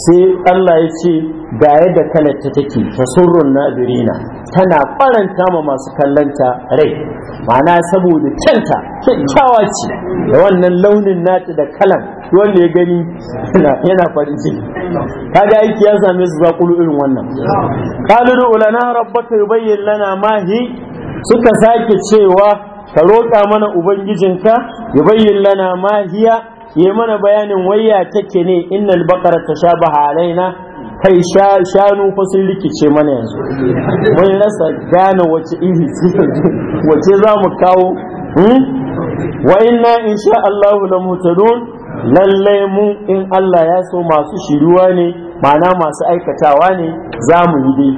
sai Allah ya ce ga yadda ta take ta surrun nazirina tana faranta ma masu kallanta rai Mana saboda kyanta kyakkyawa ce da wannan launin nata da kalan wanda ya gani yana farin ciki kaga aiki ya same su zakulu irin wannan qalu ulana rabbaka yubayyin lana ma suka sake cewa ka roƙa mana ubangijinka ya bayyana lana mahiya. hiya mana bayanin wayya take ne innal baqara tashabaha alaina kai shanu fa sun likice mana yanzu mun rasa gane wace iri wace za mu kawo hmm? wa inna insha Allah la mutadun lallai mu in Allah ya so masu shiruwa ne ma'ana masu aikatawa ne za mu yi dai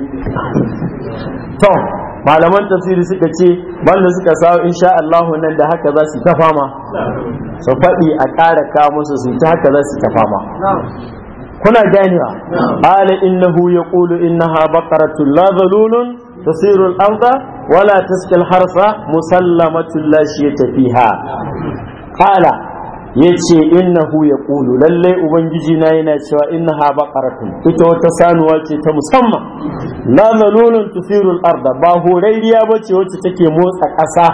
to malaman tafsiri suka ce wanda suka sawo insha Allah nan da haka za su ta fama su faɗi a ƙara ka musu su ta haka za su ta fama kuna ganewa ala innahu yaqulu innaha baqaratun la zalulun تثير الأرض ولا تسقي الحرث مسلمة لا شية فيها قال ya ce hu ya ƙulu lallai ubangiji na yana cewa inna ha baƙaratun ita wata sanuwa ce ta musamman la zalulun tusirul arda ba horairiya ba ce wacce take motsa ƙasa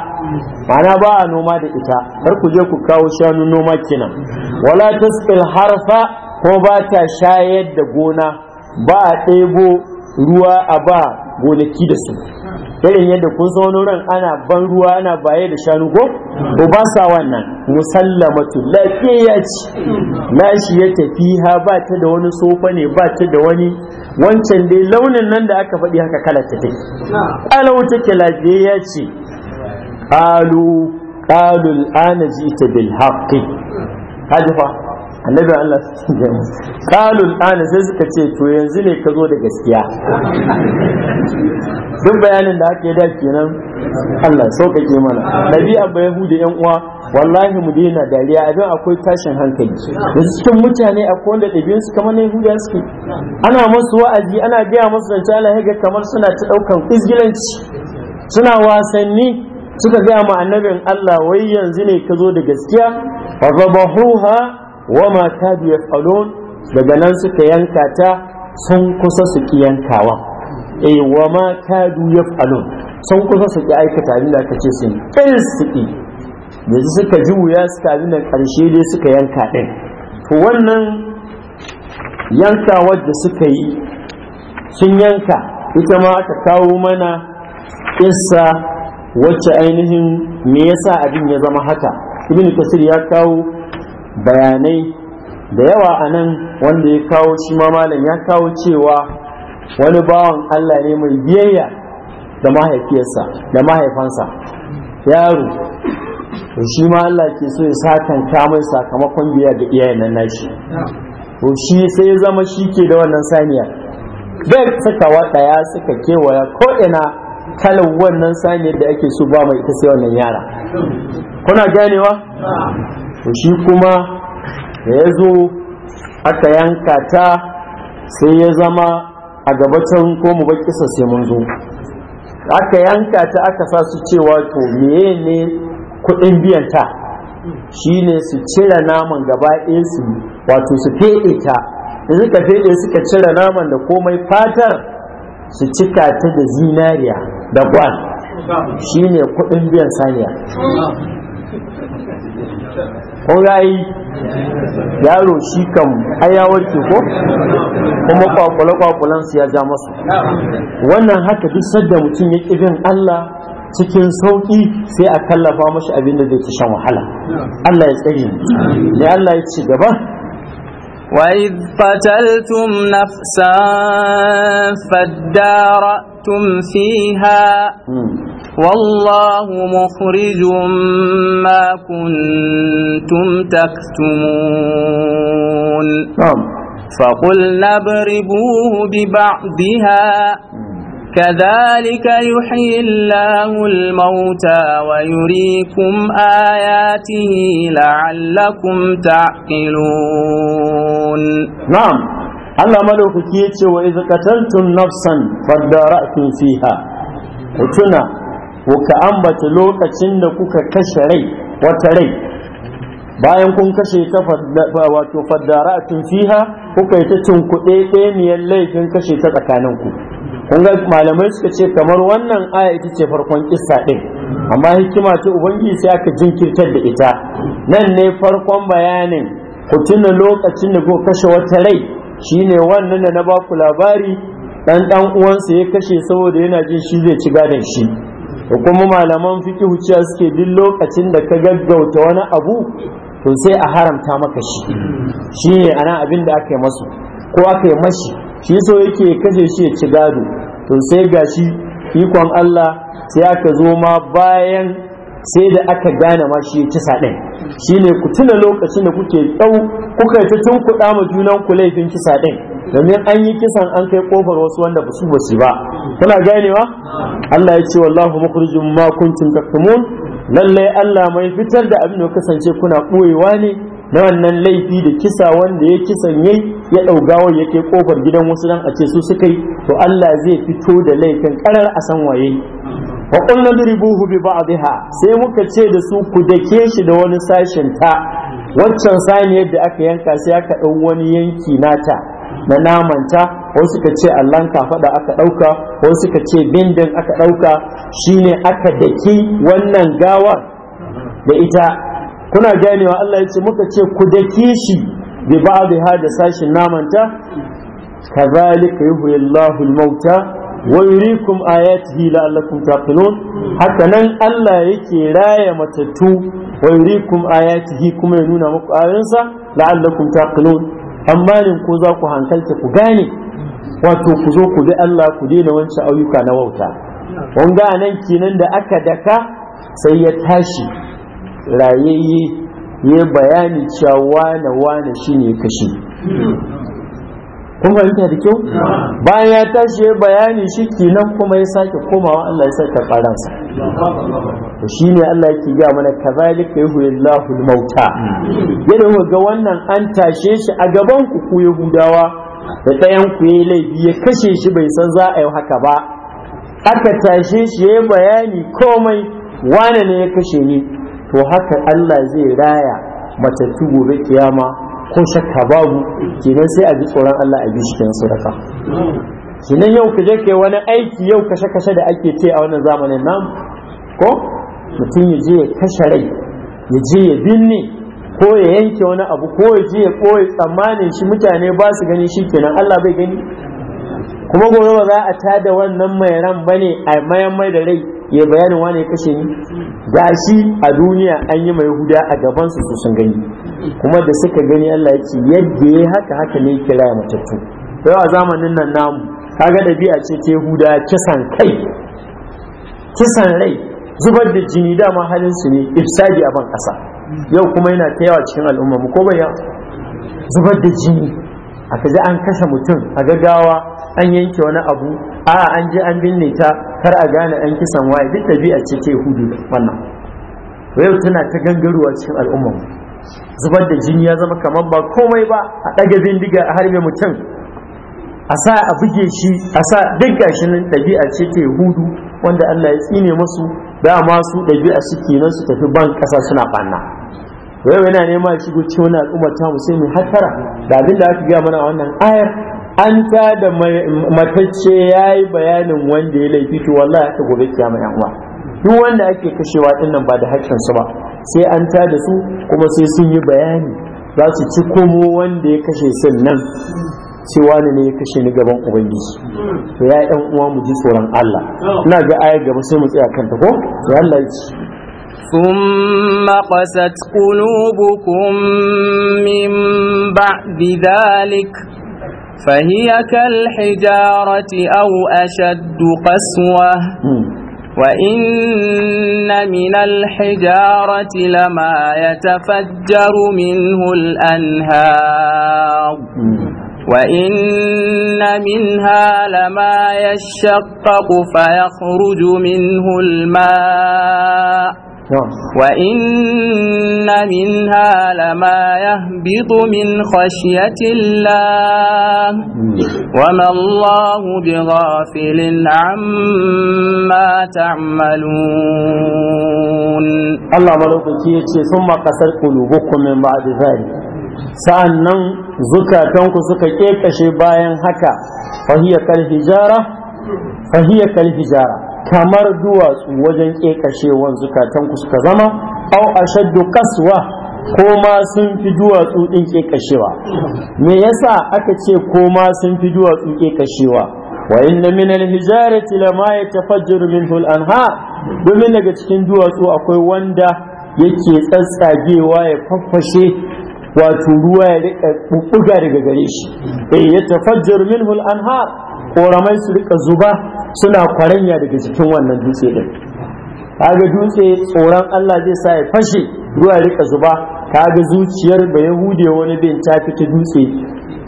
mana ba a noma da ita har ku je ku kawo shanu noma kenan wala tasqil harfa ko ba ta shayar da gona ba a ɗebo ruwa a ba gonaki da su irin yadda kun zo wani ana ban ruwa ana baye da shanu ko ko ba sa wannan musallamatu lafiya ce lashi ya tafi ha ba ta da wani sofa ne ba ta da wani wancan dai launin nan da aka faɗi haka kalar ta take kalau ke lafiya ce qalu qalu al'ana jita bil haqqi hadifa annabi Allah su ce mu kalu al'ana sai suka ce to yanzu ne ka zo da gaskiya duk bayanin da aka yi da kenan Allah sauƙaƙe mana ɗabi'a ba yahudi yan uwa wallahi mu daina dariya abin akwai tashin hankali yanzu cikin mutane a wanda ɗabi'un su kamar na yahudiya suke ana masu wa'azi ana gaya masu zance Allah ya kamar suna ta ɗaukan izgilanci suna wasanni suka gaya ma annabin Allah wai yanzu ne ka zo da gaskiya fa wa ma biya falon, daga nan suka yanka ta sun kusa su ki yankawan eh wa ma kadu yaf'alun sun kusa su ki aikata abin da aka ce su kin su ki su suka ji wuya su ka abin da karshe dai suka yanka din to wannan yankawar da suka yi sun yanka ita ma ta kawo mana kissa wacce ainihin me yasa abin ya zama haka ibn kasir ya kawo bayanai da yawa a nan wanda ya kawo shi ma malam ya kawo cewa wani bawan Allah ne mai biyayya da mahaifiyarsa da mahaifansa yaro to shi ma Allah ke so ya sakan mai sakamakon biya ga iyayen nan nashi to shi sai ya zama shi ke da wannan saniya bai suka waɗaya suka kewaya ko ina kalan wannan saniyar da ake so ba mai ita sai wannan yara kuna ganewa shi kuma da ya zo aka yanka ta sai ya zama a gabatan ko mu kisa sai mun zo aka yanka ta aka sa su cewa to meye ne kuɗin biyan ta shine su cire naman gaba su wato su fede ta da suka feɗe suka cire naman da komai fatar su cika ta da zinariya da kwan shine kuɗin biyan saniya kun ga yaro shi kan ayawar ke warke ko kuma kwakwale kwakwalen su ya ja masu wannan haka duk sadda mutum ya ƙi bin Allah cikin sauƙi sai a kallafa mashi abin da zai ta shan wahala Allah ya tsare ne Allah ya ci gaba وإذ fataltum نفسا fi ha? والله مخرج ما كنتم تكتمون نعم فقلنا اضربوه ببعضها كذلك يحيي الله الموتى ويريكم آياته لعلكم تعقلون نعم أنا ملوك كيتش وإذا قتلتم نفسا فدارأتم فيها وتنا ko ka ambata lokacin da kuka kashe rai wata rai bayan kun kashe ta wato faddara tun fiha kuka yi ta tunkuɗe laifin kashe ta tsakaninku kun ga malamai suka ce kamar wannan aya ita ce farkon kisa ɗin amma hikima ce ubangiji sai aka jinkirtar da ita nan ne farkon bayanin ku tuna lokacin da kuka kashe wata rai shine wannan da na baku labari dan dan uwansa ya kashe saboda yana jin shi zai ci gadon shi da kuma malaman fikihu cewa suke duk lokacin da ka gaggauta wani abu to sai a haramta maka shi shine ana abin da aka yi masu ko aka yi mashi shi so yake kashe shi ya ci gado to sai shi, ikon Allah sai aka zo ma bayan sai da aka gane ma shi kisa ɗin shi ne ku tuna lokacin da kuke ɗau kuka yi ta tunkuɗa ma junan ku laifin kisa ɗin domin an yi kisan an kai kofar wasu wanda ba su basu ba kuna ganewa Allah ya ce wallahu mukhrijum ma kuntum lallai Allah mai fitar da abin da kasance kuna ɓoyewa ne na wannan laifi da kisa wanda ya kisan yai ya ɗaugawa ya kai kofar gidan wasu dan a ce su suka yi to Allah zai fito da laifin karar a san waye wa qulna dribuhu bi ba'daha sai muka ce da su ku dake shi da wani sashin ta waccan saniyar da aka yanka sai aka dau wani yanki nata na namanta wasu suka ce allon kafaɗa aka ɗauka wasu suka ce bindin aka ɗauka shine aka daki wannan gawar da ita kuna ganewa Allah ya ce muka ce ku dake shi bi ba'daha da sashin namanta kazalika yuhyi Allahul mauta wa yurikum ayatihi la'allakum taqilun haka nan Allah yake raya matattu wa ayatihi kuma ya nuna muku ayansa la'allakum taqilun amma ne ko za ku hankalta ku gane wato ku zo ku bi Allah ku daina wancan ayyuka na wauta wanga nan kenan da aka daka sai ya tashi rayayye ya bayani cewa wane wane shine kashi kun fahimta da kyau bayan ya tashi ya bayani shi kenan kuma ya sake komawa Allah ya sake faransa to shine Allah yake ga mana kazalika yuhyillahu al-mauta yana ga wannan an tashe shi a gaban ku ku Yahudawa da ɗayan ku yayi laifi ya kashe shi bai san za a yi haka ba aka tashe shi ya bayani komai wane ne ya kashe ni to haka Allah zai raya matattu gobe kiyama ko shakka babu kenan sai a bi tsoron Allah a bi shi kenan sadaka kenan yau ka je kai wani aiki yau kashe kashe da ake ce a wannan zamanin nan? ko mutum ya je ya kashe rai ya je ya binne ko ya yanke wani abu ko ya je ya koyi tsammanin shi mutane ba su gani shi kenan Allah bai gani kuma gobe ba za a tada wannan mai ran bane a mayan mai da rai ya bayanin wani kashe ni gashi a duniya an yi mai huda a gabansu su sun gani kuma da suka gani Allah ya ce yadda ya haka haka ne kira ya matattu yau a zamanin nan namu kaga ɗabi'a ce ta huda kisan kai kisan rai zubar da jini dama halin su ne ifsadi a ban ƙasa yau kuma yana ta yawa cikin al'umma mu ko bayan zubar da jini a kaji an kashe mutum a gaggawa an yanke wani abu a an je an binne ta kar a gane an kisan waye duk a ce ta hudu wannan yau tana ta gangarowa cikin al'ummar zubar da jini ya zama kamar ba komai ba a ɗaga bindiga a harbe mutum a sa a buge shi a sa duk gashi nan ɗabi'a ce ta hudu, wanda Allah ya tsine musu dama su ɗabi'a su kenan su tafi ban ƙasa suna ɓanna wai yana nema ya shigo ce wani al'ummar ta sai mai hatara da abin da aka gaya mana wannan ayar an ta da matacce ya yi bayanin wanda ya laifi to wallahi aka gobe kiyama yan uwa duk wanda ake kashewa dinnan ba da haƙƙinsu ba sai an ta da su kuma sai sun yi bayani za su ci komo wanda ya kashe sannan nan sai wani ne ya kashe ni gaban ubangiji to ya ɗan uwa mu ji tsoron Allah ina ga ayar gaba sai mu tsaya kanta ko sai Allah ya ci ثم قست قلوبكم من بعد ذلك فهي كالحجارة أو أشد قسوة وإن من الحجارة لما يتفجر منه الأنهار وإن منها لما يشقق فيخرج منه الماء وإن منها لما يهبط من خشية الله وما الله بغافل عما تعملون الله ملوك كيتي ثم قسر قلوبكم من بعد ذلك sa'annan zukatanku suka kekashe bayan haka fahiyar kalhijara fahiyar kalhijara kamar duwatsu wajen ƙeƙashewan zukatanku suka zama au ashaddu kaswa ko ma sun fi duwatsu ɗin ƙeƙashewa me yasa aka ce ko ma sun fi duwatsu ƙeƙashewa wa inna min alhijarati lama yatafajjaru minhu al-anhar domin daga cikin duwatsu akwai wanda yake tsatsagewa ya faffashe wato ruwa ya rika bubbuga daga gare shi eh ya minhu al-anhar koramai su rika zuba suna kwaranya daga cikin wannan dutse din kaga dutse tsoron Allah zai sa ya fashe ruwa rika zuba kaga zuciyar ba yahude wani bin ta fita dutse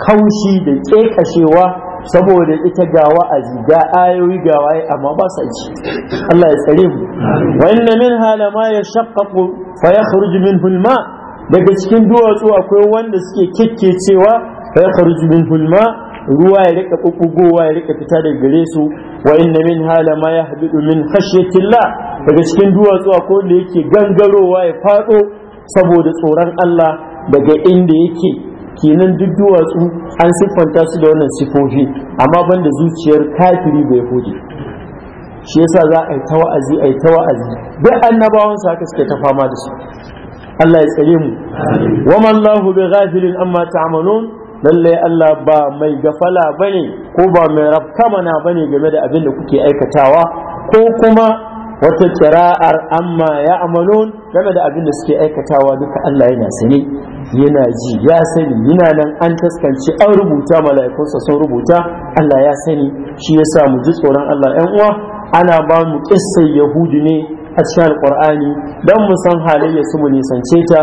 kaushi da kekashewa saboda ita ga wa'azi ga ayoyi ga waye amma ba sa ji Allah ya tsare mu wa inna minha lama yashaqqu fa yakhruj minhu al-ma daga cikin duwatsu akwai wanda suke kekkecewa fa yakhruj minhu al-ma ruwa ya rika kukugowa ya rika fita da gare su wa inna min hala ma ya yahbidu min khashyatillah daga cikin duwatsu ko da yake gangarowa ya fado saboda tsoron Allah daga inda yake kenan duk duwatsu an siffanta su da wannan sifofi amma banda zuciyar kafiri bai hudi shi yasa za a yi ta wa'azi a yi ta wa'azi duk annabawan sa haka suke ta fama da su Allah ya tsare mu wa man lahu bi ghafilin amma ta'malun lalle Allah ba mai gafala bane ko ba mai rafkamana bane game da abin da kuke aikatawa ko kuma wata kira'ar amma ya amalon game da abin da suke aikatawa duka Allah yana sani yana ji ya sani yana nan an taskanci an rubuta mala'ikunsa sun rubuta Allah ya sani shi yasa mu ji tsoron Allah 'yan uwa ana ba mu kissar yahudi ne a cikin alqur'ani dan mu san halayya su mu nisance ta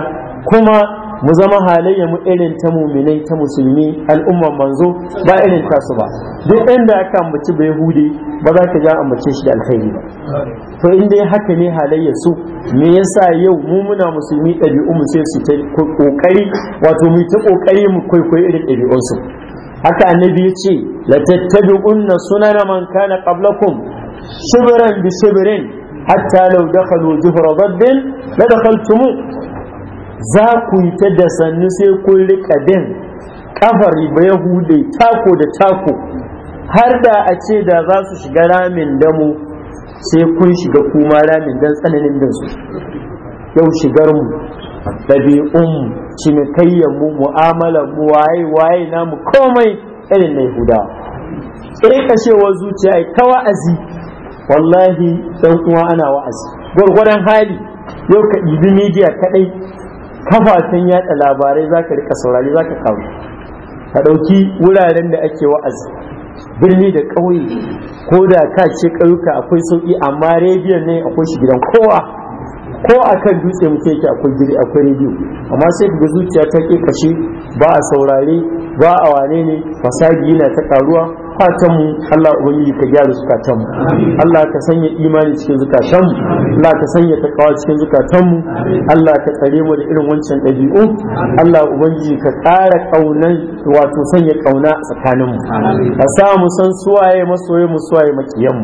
kuma mu zama halayya mu irin ta muminai ta musulmi al'ummar manzo ba irin su ba duk inda aka ambaci ba yahudi ba za ka ja ambace shi da alkhairi ba to in dai haka ne halayya su me yasa yau mu muna musulmi ɗabi'u mu sai su ta kokari wato mu ta kokari mu kwaikwai irin ɗabi'un su haka annabi ya ce la tattabi'unna sunana man kana qablakum shibran bi shibrin hatta law dakhalu juhra dabbin la dakhaltum za ku yi ta da sannu sai kun rika din kafar ba hude tako da tako har da a ce da za su shiga ramin damu sai kun shiga kuma ramin dan tsananin da su yau shigar mu ɗabi'un cinikayyar mu mu'amalar mu waye waye namu komai irin na yahuda ƙirƙashewar zuciya ta wa'azi wallahi ɗan uwa ana wa'azi gwargwaron hali yau ka ɗibi midiya kaɗai kafafen yada labarai za ka rika saurari za ka karu ka ɗauki wuraren da ake wa'azi birni da ƙauye ko da ka ce ƙauyuka akwai sauƙi amma rediyon ne akwai shi gidan kowa ko a kan dutse mutum yake akwai gidi akwai rediyo amma sai ga zuciya ta ke kashe ba a saurare ba a wane ne fasagi yana ta ƙaruwa. zukatanmu Allah ubangiji ka gyara zukatanmu Allah ka sanya imani cikin zukatanmu Allah ka sanya takawa cikin zukatanmu Allah ka tsare mu da irin wancan dabi'u Allah ubangiji ka ƙara ƙaunar wato sanya ƙauna tsakaninmu ka sa mu san suwaye masoyi mu suwaye makiyanmu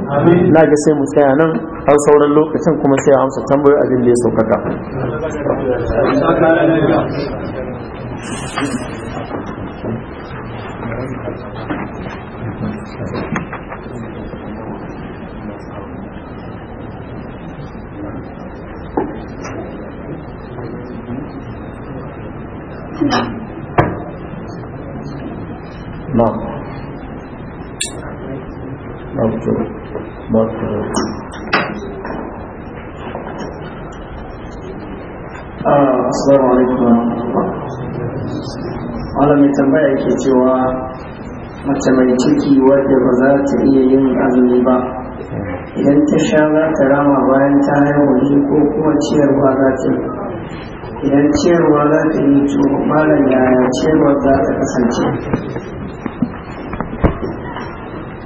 na ga sai mu tsaya nan har sauran lokacin kuma sai a amsa tambayoyi abin da ya saukaka. نعم tambaya ke cewa mace mai ciki wadda ba za ta iya yin azumi ba idan ta sha za ta rama bayan ta haihu ko kuma ciyarwa za ta yi idan ciyarwa za ta yi to malam yaya ciyarwa za ta kasance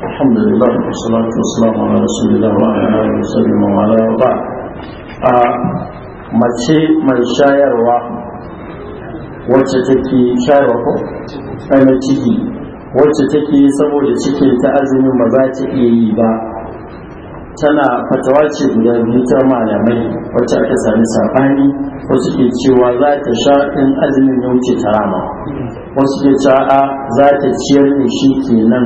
alhamdulillah wa salatu wa salamu ala rasulillah wa ala alihi wa sallam wa ala wa a mace mai shayarwa wacce take shayarwa ko mai ciki wacce take saboda ciki ta azumin ba za ta iya yi ba tana fatawa ce guda biyu ta malamai wacce aka sami sabani wasu ke cewa za ta sha in azumin ya wuce ta wasu ke cewa za ta ciyar ne shi ke nan.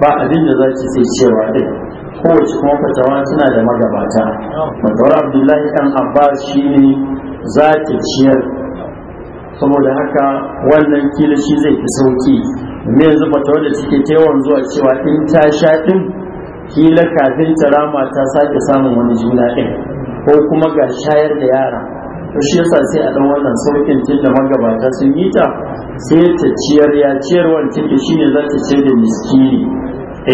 ba abin da za ta sai cewa din kowace kuma fatawa tana da magabata matawar abdullahi ɗan abbas shi ne za ta ciyar saboda haka wannan kila shi zai fi sauki me yanzu fatawar da suke taiwon zuwa cewa in ta sha ɗin kila kafin ta rama ta sake samun wani juna ɗin, ko kuma ga shayar da yara to shi yasa sai a dan wannan saukin da magabata sun yi ta sai ta ciyar ya ciyarwan take shine za ta ciyar da miskini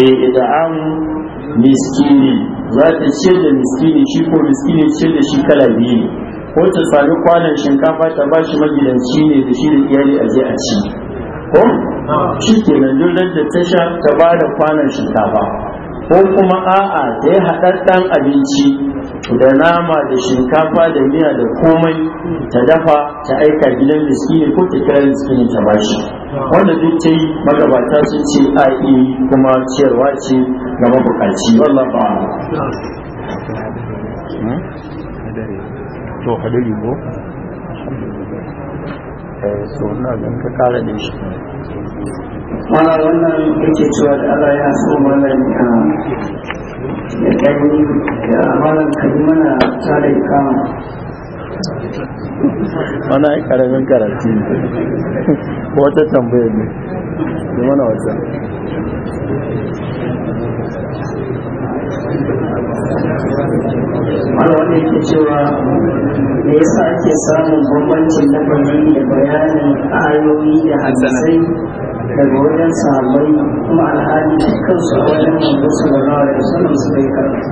eh an miskini za ta ciyar da miskini shi ko miskini ciyar da shi kala biyu ko ta sami kwanan shinkafa ta ba shi magidanci ne da shi da iyali a je a ci ko shi ke nan duk da ta sha ta ba da kwanan shinkafa ko kuma a'a da ya haɗaɗɗen abinci da nama da shinkafa da miya da komai ta dafa ta aika gidan miskini ko ta kira miskini ta bashi wanda duk ta yi magabata sun ce a kuma ciyarwa ce ga mabukaci wallah ba hmm? to hadari eh, mana wannan yake cewa da Allah ah, ya so mallan ya ɗanyi da amalan kayi mana tare kama wani ai karamin karatu ko wata tambaya ne da mana wata mara wanda yake cewa me yasa ake samun bambancin na da bayanin ayoyi da hadisai daga wajen sahabbai kuma alhali cikin su wajen manzo sallallahu alaihi wasallam su kai karatu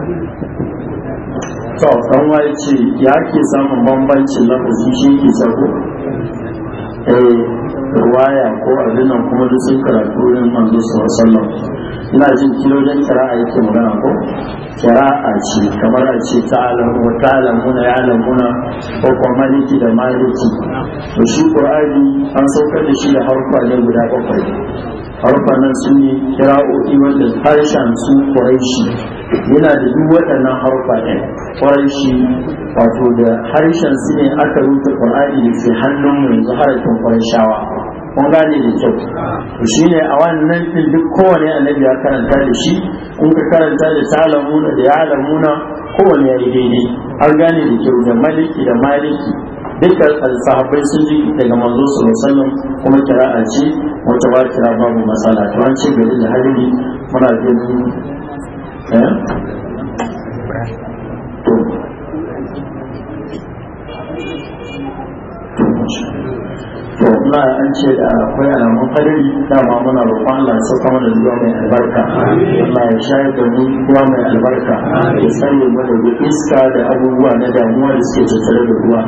to dan waye ce ya ke samun bambancin lafazi shi ke sako eh ruwaya ko nan kuma duk sun karatu wurin manzo sallallahu ina jin kilolin kira'a yake magana ko kira'a ce kamar a ce ya ta'alamuna na. ko kuma maliki da maliki to shi qur'ani an saukar da shi da harfa ne guda bakwai harfanan sun yi kira'o'i wanda harshen su ƙwaraishi yana da duk waɗannan harfa ɗin wato da harshen su ne aka rute ƙwarari da ke hannun mu yanzu harafin ƙwarashawa gane da kyau to ne a wannan ɗin duk kowane annabi ya karanta da shi kun karanta da ta'lamuna da alamuna kowane ya yi daidai har gane da kyau da maliki da maliki duka alsahabai sun ji daga manzo sallallahu kuma kira'a ce wata ba kira babu matsala to an ce gari da hariri muna ganin eh to na an ce da ah, akwai alamun kadari dama muna roƙon Allah ya saka mana zuwa mai albarka Allah ya shayar da mu ruwa mai albarka ya tsare mu da iska da abubuwa na damuwa da suke tattare da ruwa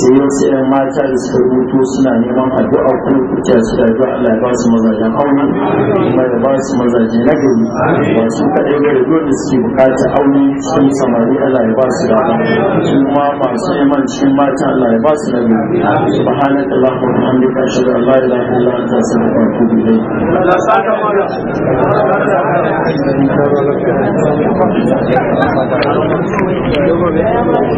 sai yau sai yan mata da suka rubuto suna neman addu'a ko kuta su da addu'a Allah ya ba su mazajen aure kuma ya ba su mazaje na gari ba su kaɗai ba da dole suke bukata aure sun samari Allah ya ba su da kuma masu neman cikin mata Allah ya ba su da gari subhanallahi وبحمدك أشهد أن لا إله إلا أنت أستغفرك وأتوب إليك Thank you.